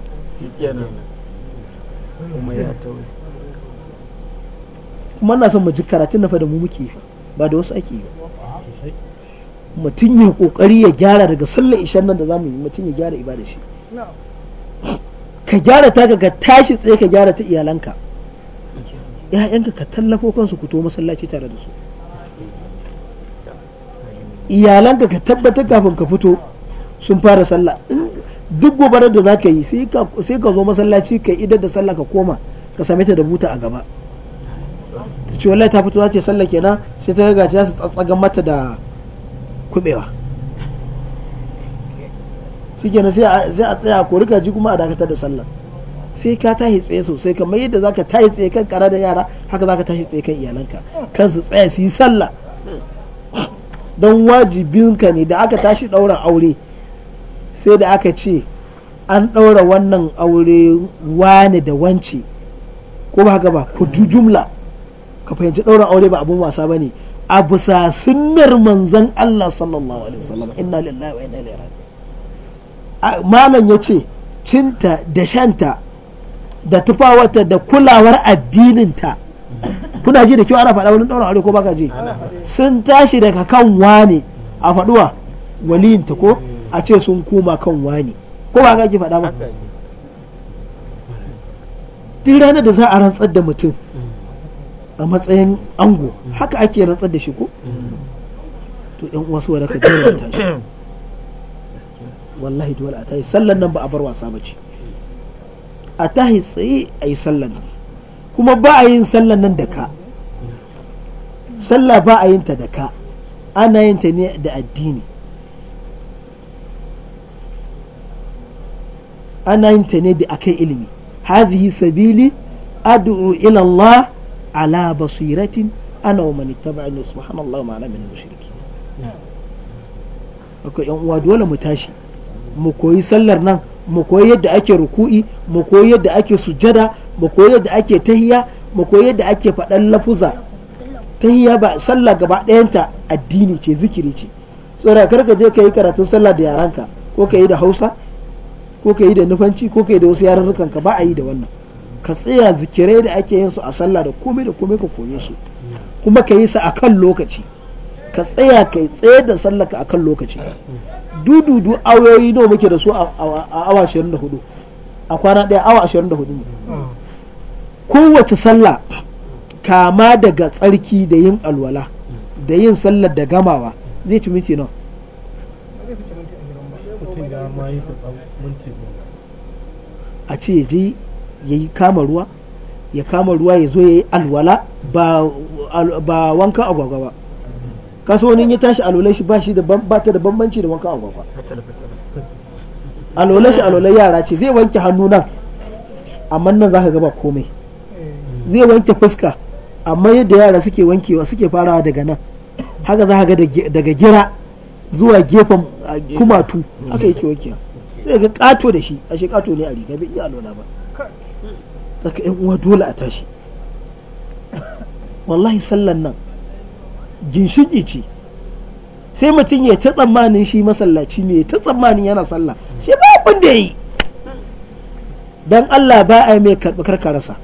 kuma na son mu ji karatun na fa da mu muke fa ba da wasu ake yi ba mutum ya kokari ya gyara daga sallar ishan nan da zamu yi mutum ya gyara ibada shi ka gyara ta ka tashi tsaye ka gyara ta iyalanka ya'yanka ka tallafo kansu ku to masallaci tare da su iyalanka ka tabbatar kafin ka fito sun fara sallah duk gobarar da za ka yi sai ka zo masallaci ka idar da sallah ka koma ka same ta da buta a gaba ta ce wallahi ta fito za ta sallah kenan sai ta gaggace za su tsatsagan mata da kubewa suke na sai a tsaya ko rika ji kuma a dakatar da sallah sai ka tashi tsaye sosai kamar yadda za ka tashi tsaye kan kara da yara haka za ka tashi tsaye kan iyalanka kan su tsaya su yi sallah don wajibinka ne da aka tashi ɗaura aure sai da aka ce an ɗaura wannan aure wane da wance ko ba haka ba ku jumla ka fahimci ɗaurin aure ba abin wasa ba ne a bisa sunnar manzan Allah sallallahu alaihi wasallam inna lillahi wa inna ilaihi raji'un malam yace cinta da shanta da tufawata da kulawar addininta kuna ji da kyau ana faɗa wani ɗaurin aure ko baka ji sun tashi daga kan wani. a faɗuwa waliyinta ko a ce sun koma kan wani. ko ba ka ki faɗa ba duk ranar da za a rantsar da mutum mm. a matsayin ango haka ake rantsar da shi ko to yan uwa saboda ka jira ta shi wallahi dole a tahi sallan nan ba a bar wasa bace a tahi tsaye a yi sallan nan kuma ba a yin sallan nan da ka sallah ba a yin ta da ka ana yin ta ne da addini ana yin ta ne da akai ilimi hazihi sabili ad'u ila Allah ala basiratin ana wa mani taba'ani subhanallah ma'ana min mushriki akwai yan uwa dole mu tashi mu koyi sallar nan mu koyi yadda ake ruku'i mu koyi yadda ake sujjada mu koyi yadda ake tahiya mu koyi yadda ake faɗan lafuza tahiya ba sallah gaba ɗayanta addini ce zikiri ce tsora karka je ka yi karatun sallah da yaranka ko ka yi da hausa ko ka yi da nufanci ko ka yi da wasu yarurrukan ka ba a yi da wannan ka tsaya zikirai da ake yin su a sallah da komai da komai ka koye su kuma ka yi su a kan lokaci ka tsaya ka tsaye da sallah ka a kan lokaci dududu awoyi nawa muke da su a awa 24 a kwana ɗaya awa 24 ne kowace sallah kama daga tsarki da yin alwala da yin sallar da gamawa zai ci minti nawa a ce ji ya yi kama ruwa ya kama ruwa ya zo ya yi alwala ba wanka agwagwa ba kaso wani ya tashi alwalai shi ba shi da ba ta da bambanci da wanka agwagwa alwalai shi alwalai yara ce zai wanke hannu nan amma nan za ka gaba komai zai wanke fuska amma yadda yara suke wankewa suke farawa daga nan haka za ka ga daga gira zuwa gefen kumatu haka yake wankewa sai ga kato da shi ashe kato ne a riga bai iya alwala ba daga yan uwa dole a tashi wallahi sallan nan ginshiki ce sai mutum ya ta tsammanin shi masallaci ne ya ta tsammanin yana sallah shi ba abin da yi don Allah ba a yi mai karɓi karkararsa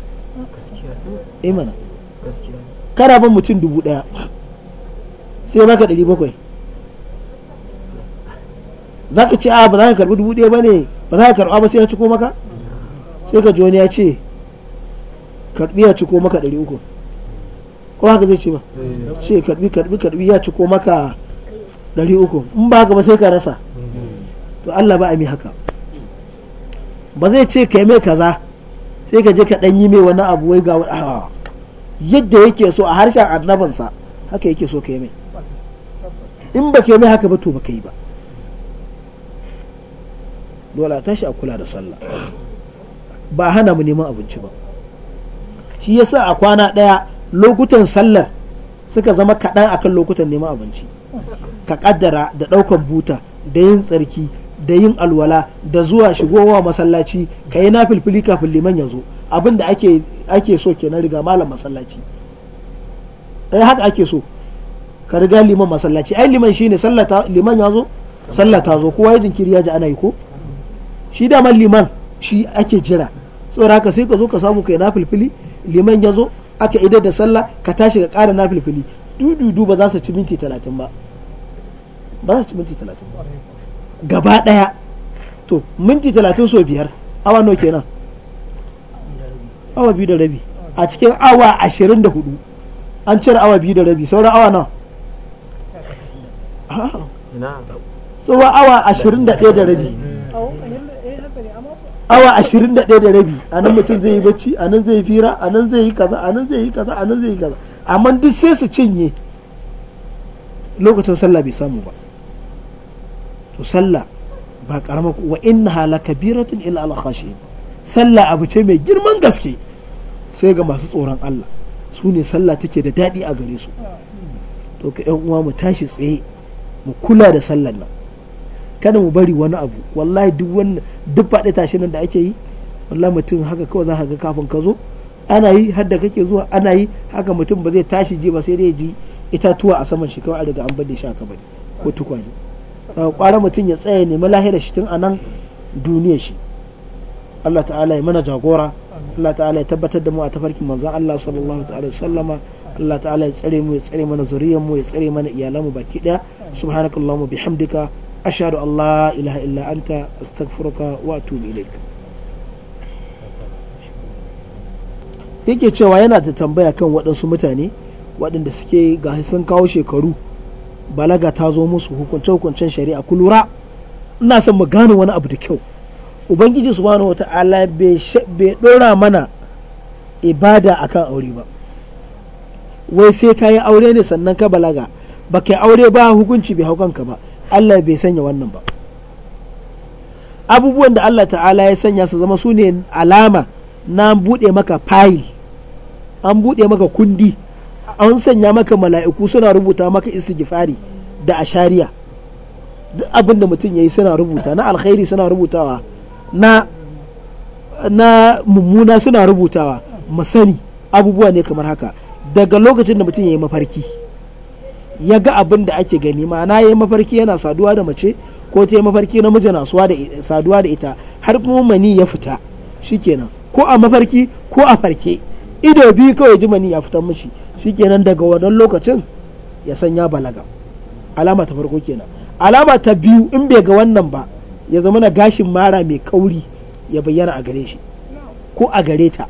imana eh kana ban mutum dubu ɗaya sai baka ɗari bakwai za ka ce a ah, ba za ka karɓi dubu ɗaya ba ne ba za ka karɓa ba sai ya ko maka sai ka ji wani ya ce karbi ya ciko maka ɗari uku ko haka zai ce ba ce eh. karbi karbi karbi ya ciko maka ɗari uku in ba haka ba sai ka rasa to Allah ba a mi haka ba zai ce ka yi mai kaza sai ka je ka ɗanyi mai wani abu wai ga wani yadda yake so a harshen annabinsa haka yake so ka yi mai in ba ka yi mai haka ba to ba ka yi ba dole a tashi a kula da sallah ba hana mu neman abinci ba shi sa a kwana ɗaya lokutan sallar suka zama kaɗan akan lokutan neman abinci ka ƙaddara da ɗaukan buta da yin tsarki da yin alwala da zuwa shigowa masallaci ka yi na filfili kafin liman ya zo abin da ake, ake so kenan riga malam masallaci ɗaya eh, haka ake so ka riga liman masallaci ai liman shine sallata liman ya zo sallata zo kowa ya jinkiri ya ji ana yi ko shi daman liman shi ake jira tsoraka haka sai ka zo ka samu kai na filfili liman ya zo aka idar da sallah ka tashi ka ƙara na filfili dududu ba za su ci minti talatin ba ba za su ci minti talatin ba gaba ɗaya to minti talatin so biyar awa nawa kenan awa biyu da rabi a cikin awa ashirin da hudu an cire awa biyu da rabi sauran awa na tsawa awa ashirin da ɗaya da rabi awa ashirin da ɗaya da rabi a nan mutum zai yi bacci a nan zai yi fira a nan zai yi kaza a nan zai yi kaza a nan zai yi kaza amma duk sai su cinye lokacin sallah bai samu ba to sallah ba karama wa inna hala kabiratun illa al sallah abu ce mai girman gaske sai ga masu tsoron Allah su ne sallah take da daɗi a gare su to ka ƴan uwa mu tashi tsaye mu kula da sallar nan kada mu bari wani abu wallahi duk wannan duk faɗi tashi nan da ake yi wallahi mutum haka kawai za ka ga kafin ka zo ana yi hadda kake zuwa ana yi haka mutum ba zai tashi je ba sai dai ji itatuwa a saman shi kawai a daga an bar shi haka bane ko tukwane kwara mutum ya tsaya nemi lahira shi tun anan duniya shi Allah ta'ala ya mana jagora Allah ta'ala ya tabbatar da mu a tafarkin manzon Allah sallallahu alaihi wasallama Allah ta'ala ya tsare mu ya tsare mana zuriyar mu ya tsare mana iyalan mu baki daya subhanakallahumma bihamdika أشهد أن لا إله إلا أنت أستغفرك وأتوب إليك yake cewa yana da tambaya kan waɗansu mutane waɗanda suke gashi sun kawo shekaru balaga ta zo musu hukunce-hukuncen shari'a ku lura ina son mu gane wani abu da kyau ubangiji subhanahu ta'ala bai ɗora mana ibada akan aure ba wai sai ka yi aure ne sannan ka balaga ba ka aure ba hukunci bai hau kanka ba Allah bai sanya wannan ba abubuwan da Allah ta'ala ya sanya su zama su ne alama na buɗe maka fayil an buɗe maka kundi an sanya maka mala'iku suna rubuta maka istighfari da ashariya duk abin da mutum ya yi suna rubuta na alkhairi suna rubutawa na mummuna suna rubutawa musani abubuwa ne kamar haka daga lokacin da mutum ya yi mafarki ya ga abin da ake gani ma'ana ya mafarki yana saduwa da mace ko ta yi mafarki namiji na saduwa da ita har kuma mani ya fita shikenan ko a mafarki ko a farke ido biyu kawai ji mani ya fitan mishi shikenan daga wannan lokacin ya sanya balaga alama ta farko kenan alama ta biyu in bai ga wannan ba ya zama na gashin mara mai kauri ya bayyana a gare shi ko a gare ta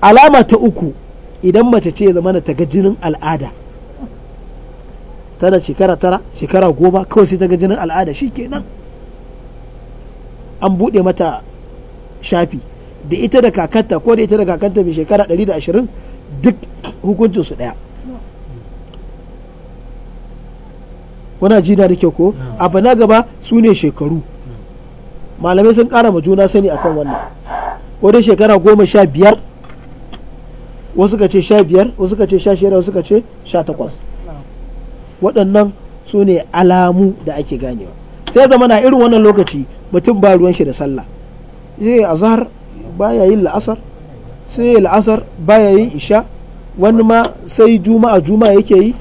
alama ta uku idan mace ce zama ta ga jinin al'ada tana shekara tara shekara goma kawai sai ta ga jinin al'ada shi kenan an buɗe mata shafi da ita da kakanta ko da ita da kakanta mai shekara 120 duk hukuncin su ɗaya wana ji da ke ko abu na gaba su ne shekaru malamai sun ƙara ma juna sani akan wannan ko da shekara goma sha biyar wasu ka ce sha biyar wasu ka ce sha shida wasu ka ce sha takwas waɗannan su ne alamu da ake ganewa sai zama na irin wannan lokaci mutum ba ruwan shi da sallah zai azhar baya yin la'asar sai la'asar baya yin isha wani ma sai juma'a juma'a yake yi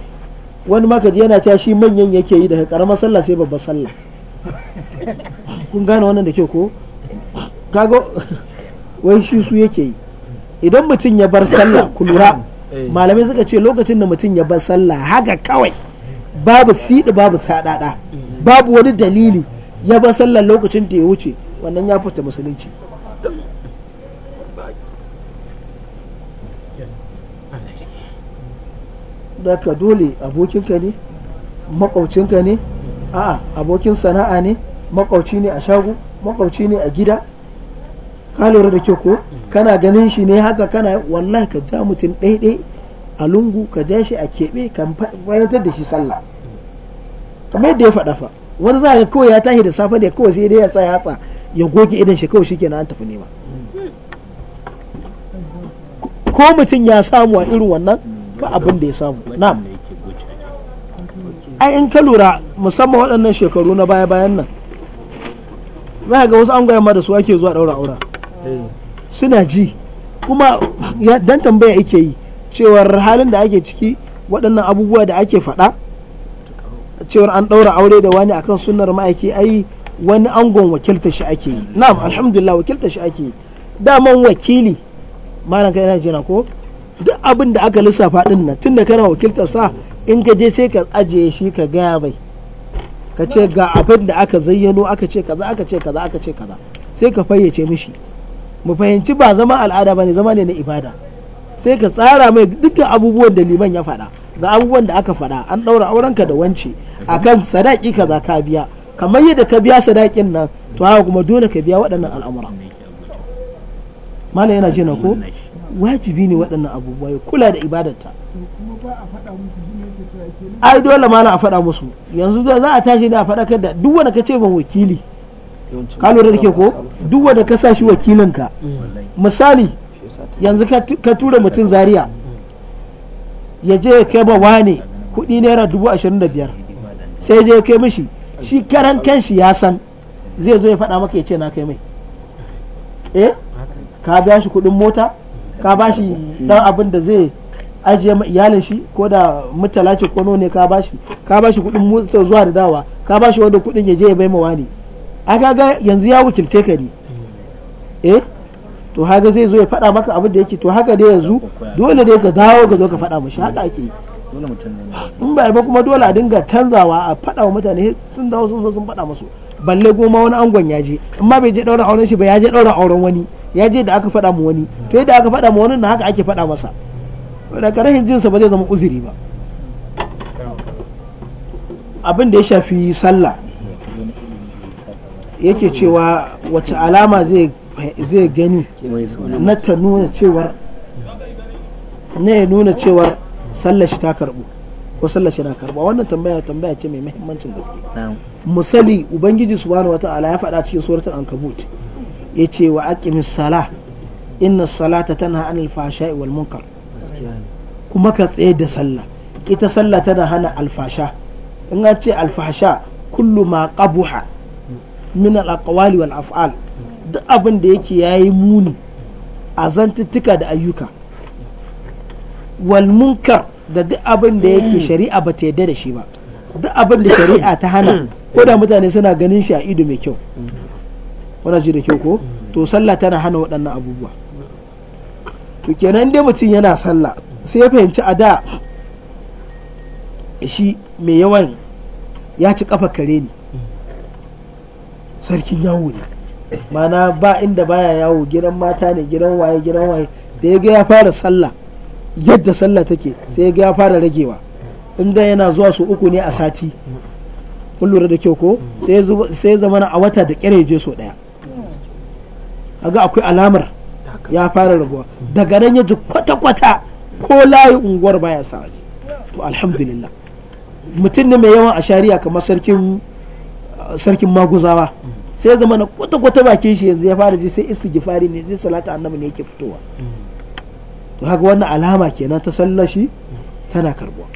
wani ma kaji yana cewa shi manyan yake yi daga karamar sallah sai babbar sallah kun gane wannan da ke ko kaga wai shi su yake yi idan mutum ya bar sallah ku lura eh. malamai suka ce lokacin da mutum ya bar sallah haka kawai babu siɗi babu saɗaɗa babu wani dalili ya bar sallah lokacin da ya wuce wannan ya fita musulunci daga dole abokinka ne makwabcinka ne a'a abokin sana'a ne makwaci ne a shago makwaci ne a gida ka lura da kyau ko kana ganin shi ne haka kana wallahi ka ja mutum ɗaiɗe a lungu ka ja shi a keɓe ka fahimtar da shi sallah kamar yadda ya faɗa fa wani za ga kawai ya tashi da safe da kawai sai dai ya tsaya tsa ya goge idan shi kawai na an tafi nema ko mutum ya samu a irin wannan ba abin da ya samu na'am ai in ka lura musamman waɗannan shekaru na baya bayan nan za ga wasu an gwaya ma da su ake zuwa ɗaura aura eh. suna ji kuma dan tambaya ake yi cewar halin da ake ciki waɗannan abubuwa da ake faɗa cewar an ɗaura aure da wani akan sunar ma'aiki ai wani angon wakilta shi ake yi na'am alhamdulillah wakilta shi ake yi daman wakili malam kai yana jina ko duk abin da aka lissafa din nan tunda kana wakiltar sa in ka je sai ka ajiye shi ka gaya mai ka ce ga abin da aka zayyano aka ce kaza aka ce kaza aka ce kaza sai ka fayyace mishi mu fahimci ba zama al'ada ba ne zama ne na ibada sai ka tsara mai dukkan abubuwan da liman ya faɗa da abubuwan da aka faɗa an ɗaura aurenka da wance akan sadaki ka za ka biya kamar yadda ka biya sadakin nan to haka kuma dole ka biya waɗannan al'amura malam yana jina ko wajibi ne waɗannan abubuwa ya kula da ibadarta ai dole malam a faɗa musu yanzu za a tashi ne a faɗa da duk wanda ka ce ban wakili ka lura da ke ko duk wanda ka sa shi wakilinka misali yanzu ka tura mutum Zariya ya je ya kai ba wane kuɗi naira dubu ashirin da biyar sai je kai mishi shi karan kanshi ya san zai zo ya faɗa maka ya ce na kai mai eh ka biya shi kuɗin mota ka ba shi ɗan abin da zai ajiye ma iyalin shi ko da mutala ce ko ne ka ba shi ka ba shi kuɗin mota zuwa da dawa ka ba shi wanda kuɗin ya je ya bai ma ne. aka ga yanzu ya wakilce ka ne eh to haka zai zo ya faɗa maka abin da yake to haka dai yanzu dole dai ka dawo ka zo ka faɗa mashi haka ake in ba ba kuma dole a dinga canzawa a faɗa wa mutane sun dawo sun zo sun faɗa musu balle goma wani angon ya je amma bai je ɗaura auren shi ba ya je ɗaura auren wani ya je da aka faɗa mu wani to yadda aka faɗa mu wani na haka ake faɗa masa daga rahin jinsa ba zai zama uzuri ba abin da ya shafi sallah yake cewa wace alama zai gani na ta nuna cewar na ya nuna cewar sallashi ta karbu ko sallashi na karba wannan tambaya tambaya ce mai muhimmancin gaske misali ubangiji subhanahu wata ya faɗa cikin suratul ankabut ce wa aqimis sala inna salata tana anil fahsha'i wal munkar kuma ka tsaye da sallah ita sallah tana hana alfasha in an ce alfasha kullu ma qabuha min alƙawali wal af'al duk abin da yake yayi muni a zantuttuka da ayyuka wal munkar da duk abin da yake shari'a ba ta yadda da shi ba duk abin da shari'a ta hana ko da mutane suna ganin shi a ido mai kyau wannan ji da kyau ko to sallah tana hana waɗannan abubuwa to kenan dai mutum yana sallah sai ya fahimci a da shi mai yawan ya ci kafa kare ne sarkin yawo ne mana ba inda baya yawo gidan mata ne gidan waye gidan waye da ya ga ya fara sallah yadda sallah take sai ya ya fara ragewa inda yana zuwa su uku ne a sati kun lura da kyau ko sai ya zama a wata da kyare je so daya ga akwai alamar ya fara raguwa daga nan ya kwata-kwata ko layi unguwar baya sa to alhamdulillah mutum ne mai yawan a shari'a kamar sarkin sarkin maguzawa sai ya zama na kwata-kwata bakin shi yanzu ya fara ji sai istighfari ne zai salata annabi ne yake fitowa to haka wannan alama kenan ta sallashi tana karbuwa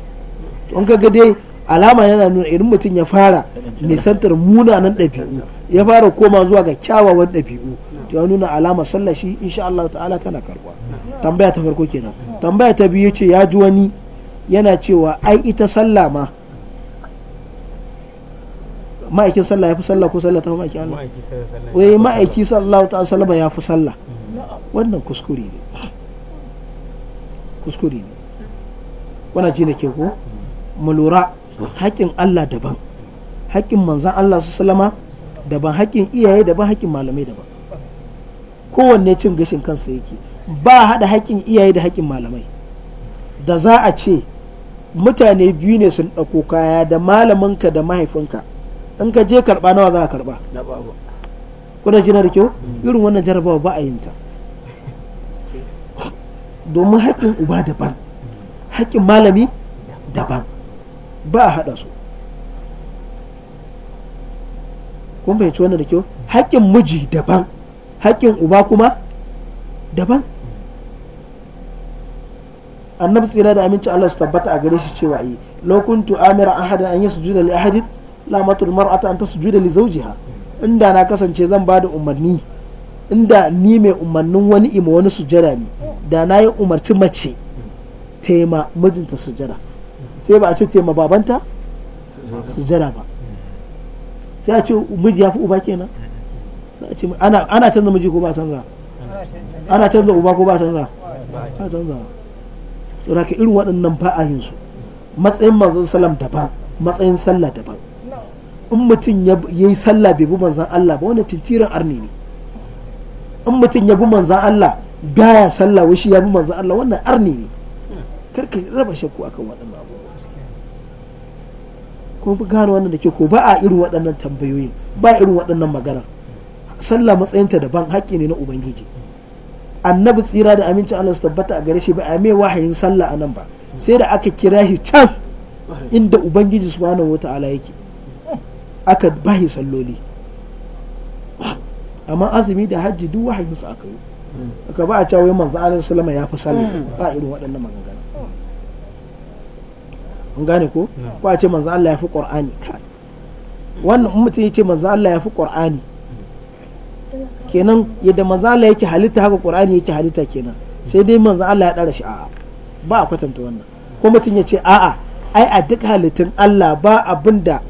to in kaga dai alama yana nuna irin mutum ya fara nisantar munanan ɗabi'u ya fara koma zuwa ga kyawawan ɗabi'u to ya nuna alama sallashi insha Allah ta'ala tana karbuwa tambaya ta farko kenan tambaya ta biyu ce ya ji wani yana cewa ai ita sallama. ma'aikin sallah ya fi sallah ko sallah ta ma'aikin Allah wai ma'aiki sallah ta sallah ya fi sallah hmm. wannan kuskure ne kuskure ne wannan ji nake ko mu lura haƙƙin Allah daban haƙƙin manzan Allah su salama daban haƙƙin iyaye daban haƙƙin malamai daban kowanne cin gashin kansa yake ba haɗa haƙƙin iyaye da haƙƙin malamai da za a ce mutane biyu ne sun ɗauko kaya da malaminka da mahaifinka in ka je karba nawa za ka karba kuna jina da kyau irin wannan jarabawa ba a yin ta domin haƙƙin uba daban haƙƙin malami daban ba a haɗa su kun fahimci wannan da kyau haƙƙin miji daban haƙƙin uba kuma daban annabi tsira da aminci Allah su tabbata a gare shi cewa yi lokuntu amira ahada an yi sujuda li ahadin la mar'ata an tasjuda li zawjiha inda na kasance zan ba da umarni inda ni mai umarnin wani ima wani sujada ne da na yi umarci mace tema mijinta sujada sai ba a ce tema babanta sujada ba sai a ce miji ya fi uba kenan ana canza miji ko ba canza ana canza uba ko ba canza ba canza saboda irin waɗannan ba a yin su matsayin manzon salam daban matsayin sallah daban in mutum ya yi sallah bai bi manzan Allah ba wani tintirin arni ne in mutum ya bi manzan Allah baya sallah wai shi ya bi manzan Allah wannan arni ne karka raba shakku akan waɗannan abubuwa ko gane wannan da ke ko ba a irin waɗannan tambayoyin ba irin waɗannan magana sallah matsayinta daban haƙƙi ne na ubangiji annabi tsira da amincin Allah su tabbata a gare shi ba a mai wahayin sallah a nan ba sai da aka kira shi can inda ubangiji subhanahu wataala yake aka bahi salloli amma azumi da hajji duk wahayi su aka yi aka ba a cewa manzo alaihi sallama ya fi salli hmm. ba irin waɗannan maganganu an gane ko ko a ce manzo Allah ya fi qur'ani kai wannan mutum ya ce manzo Allah ya fi qur'ani kenan yadda manzo Allah yake halitta haka qur'ani yake halitta kenan sai dai manzo Allah ya dara shi a ba a kwatanta wannan ko mutum ya ce a'a ai a duk halittun Allah ba abin da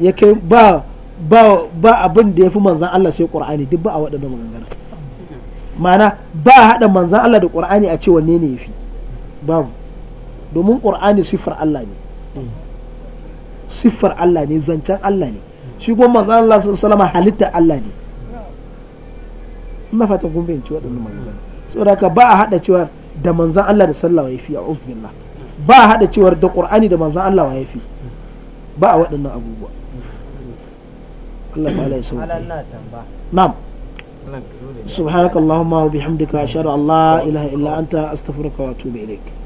Yake ba ba ba abin da ya fi manzan Allah sai qur'ani duk ba a waɗannan maganganun ma'ana ba haɗa manzan Allah da qur'ani a ce wanne ne ya fi babu domin qur'ani siffar Allah ne siffar Allah ne zancen Allah ne shi kuma manzan Allah sallama halitta Allah ne ina fata kun fahimci waɗannan maganganun saboda haka ba a haɗa cewa da manzan Allah da sallah ya fi a uzbillah ba a haɗa cewar da qur'ani da manzan Allah ya fi ba a waɗannan abubuwa Allah ta'ala ya sauke na'am subhanakallahumma wa bihamdika ashhadu an la ilaha illa anta astaghfiruka wa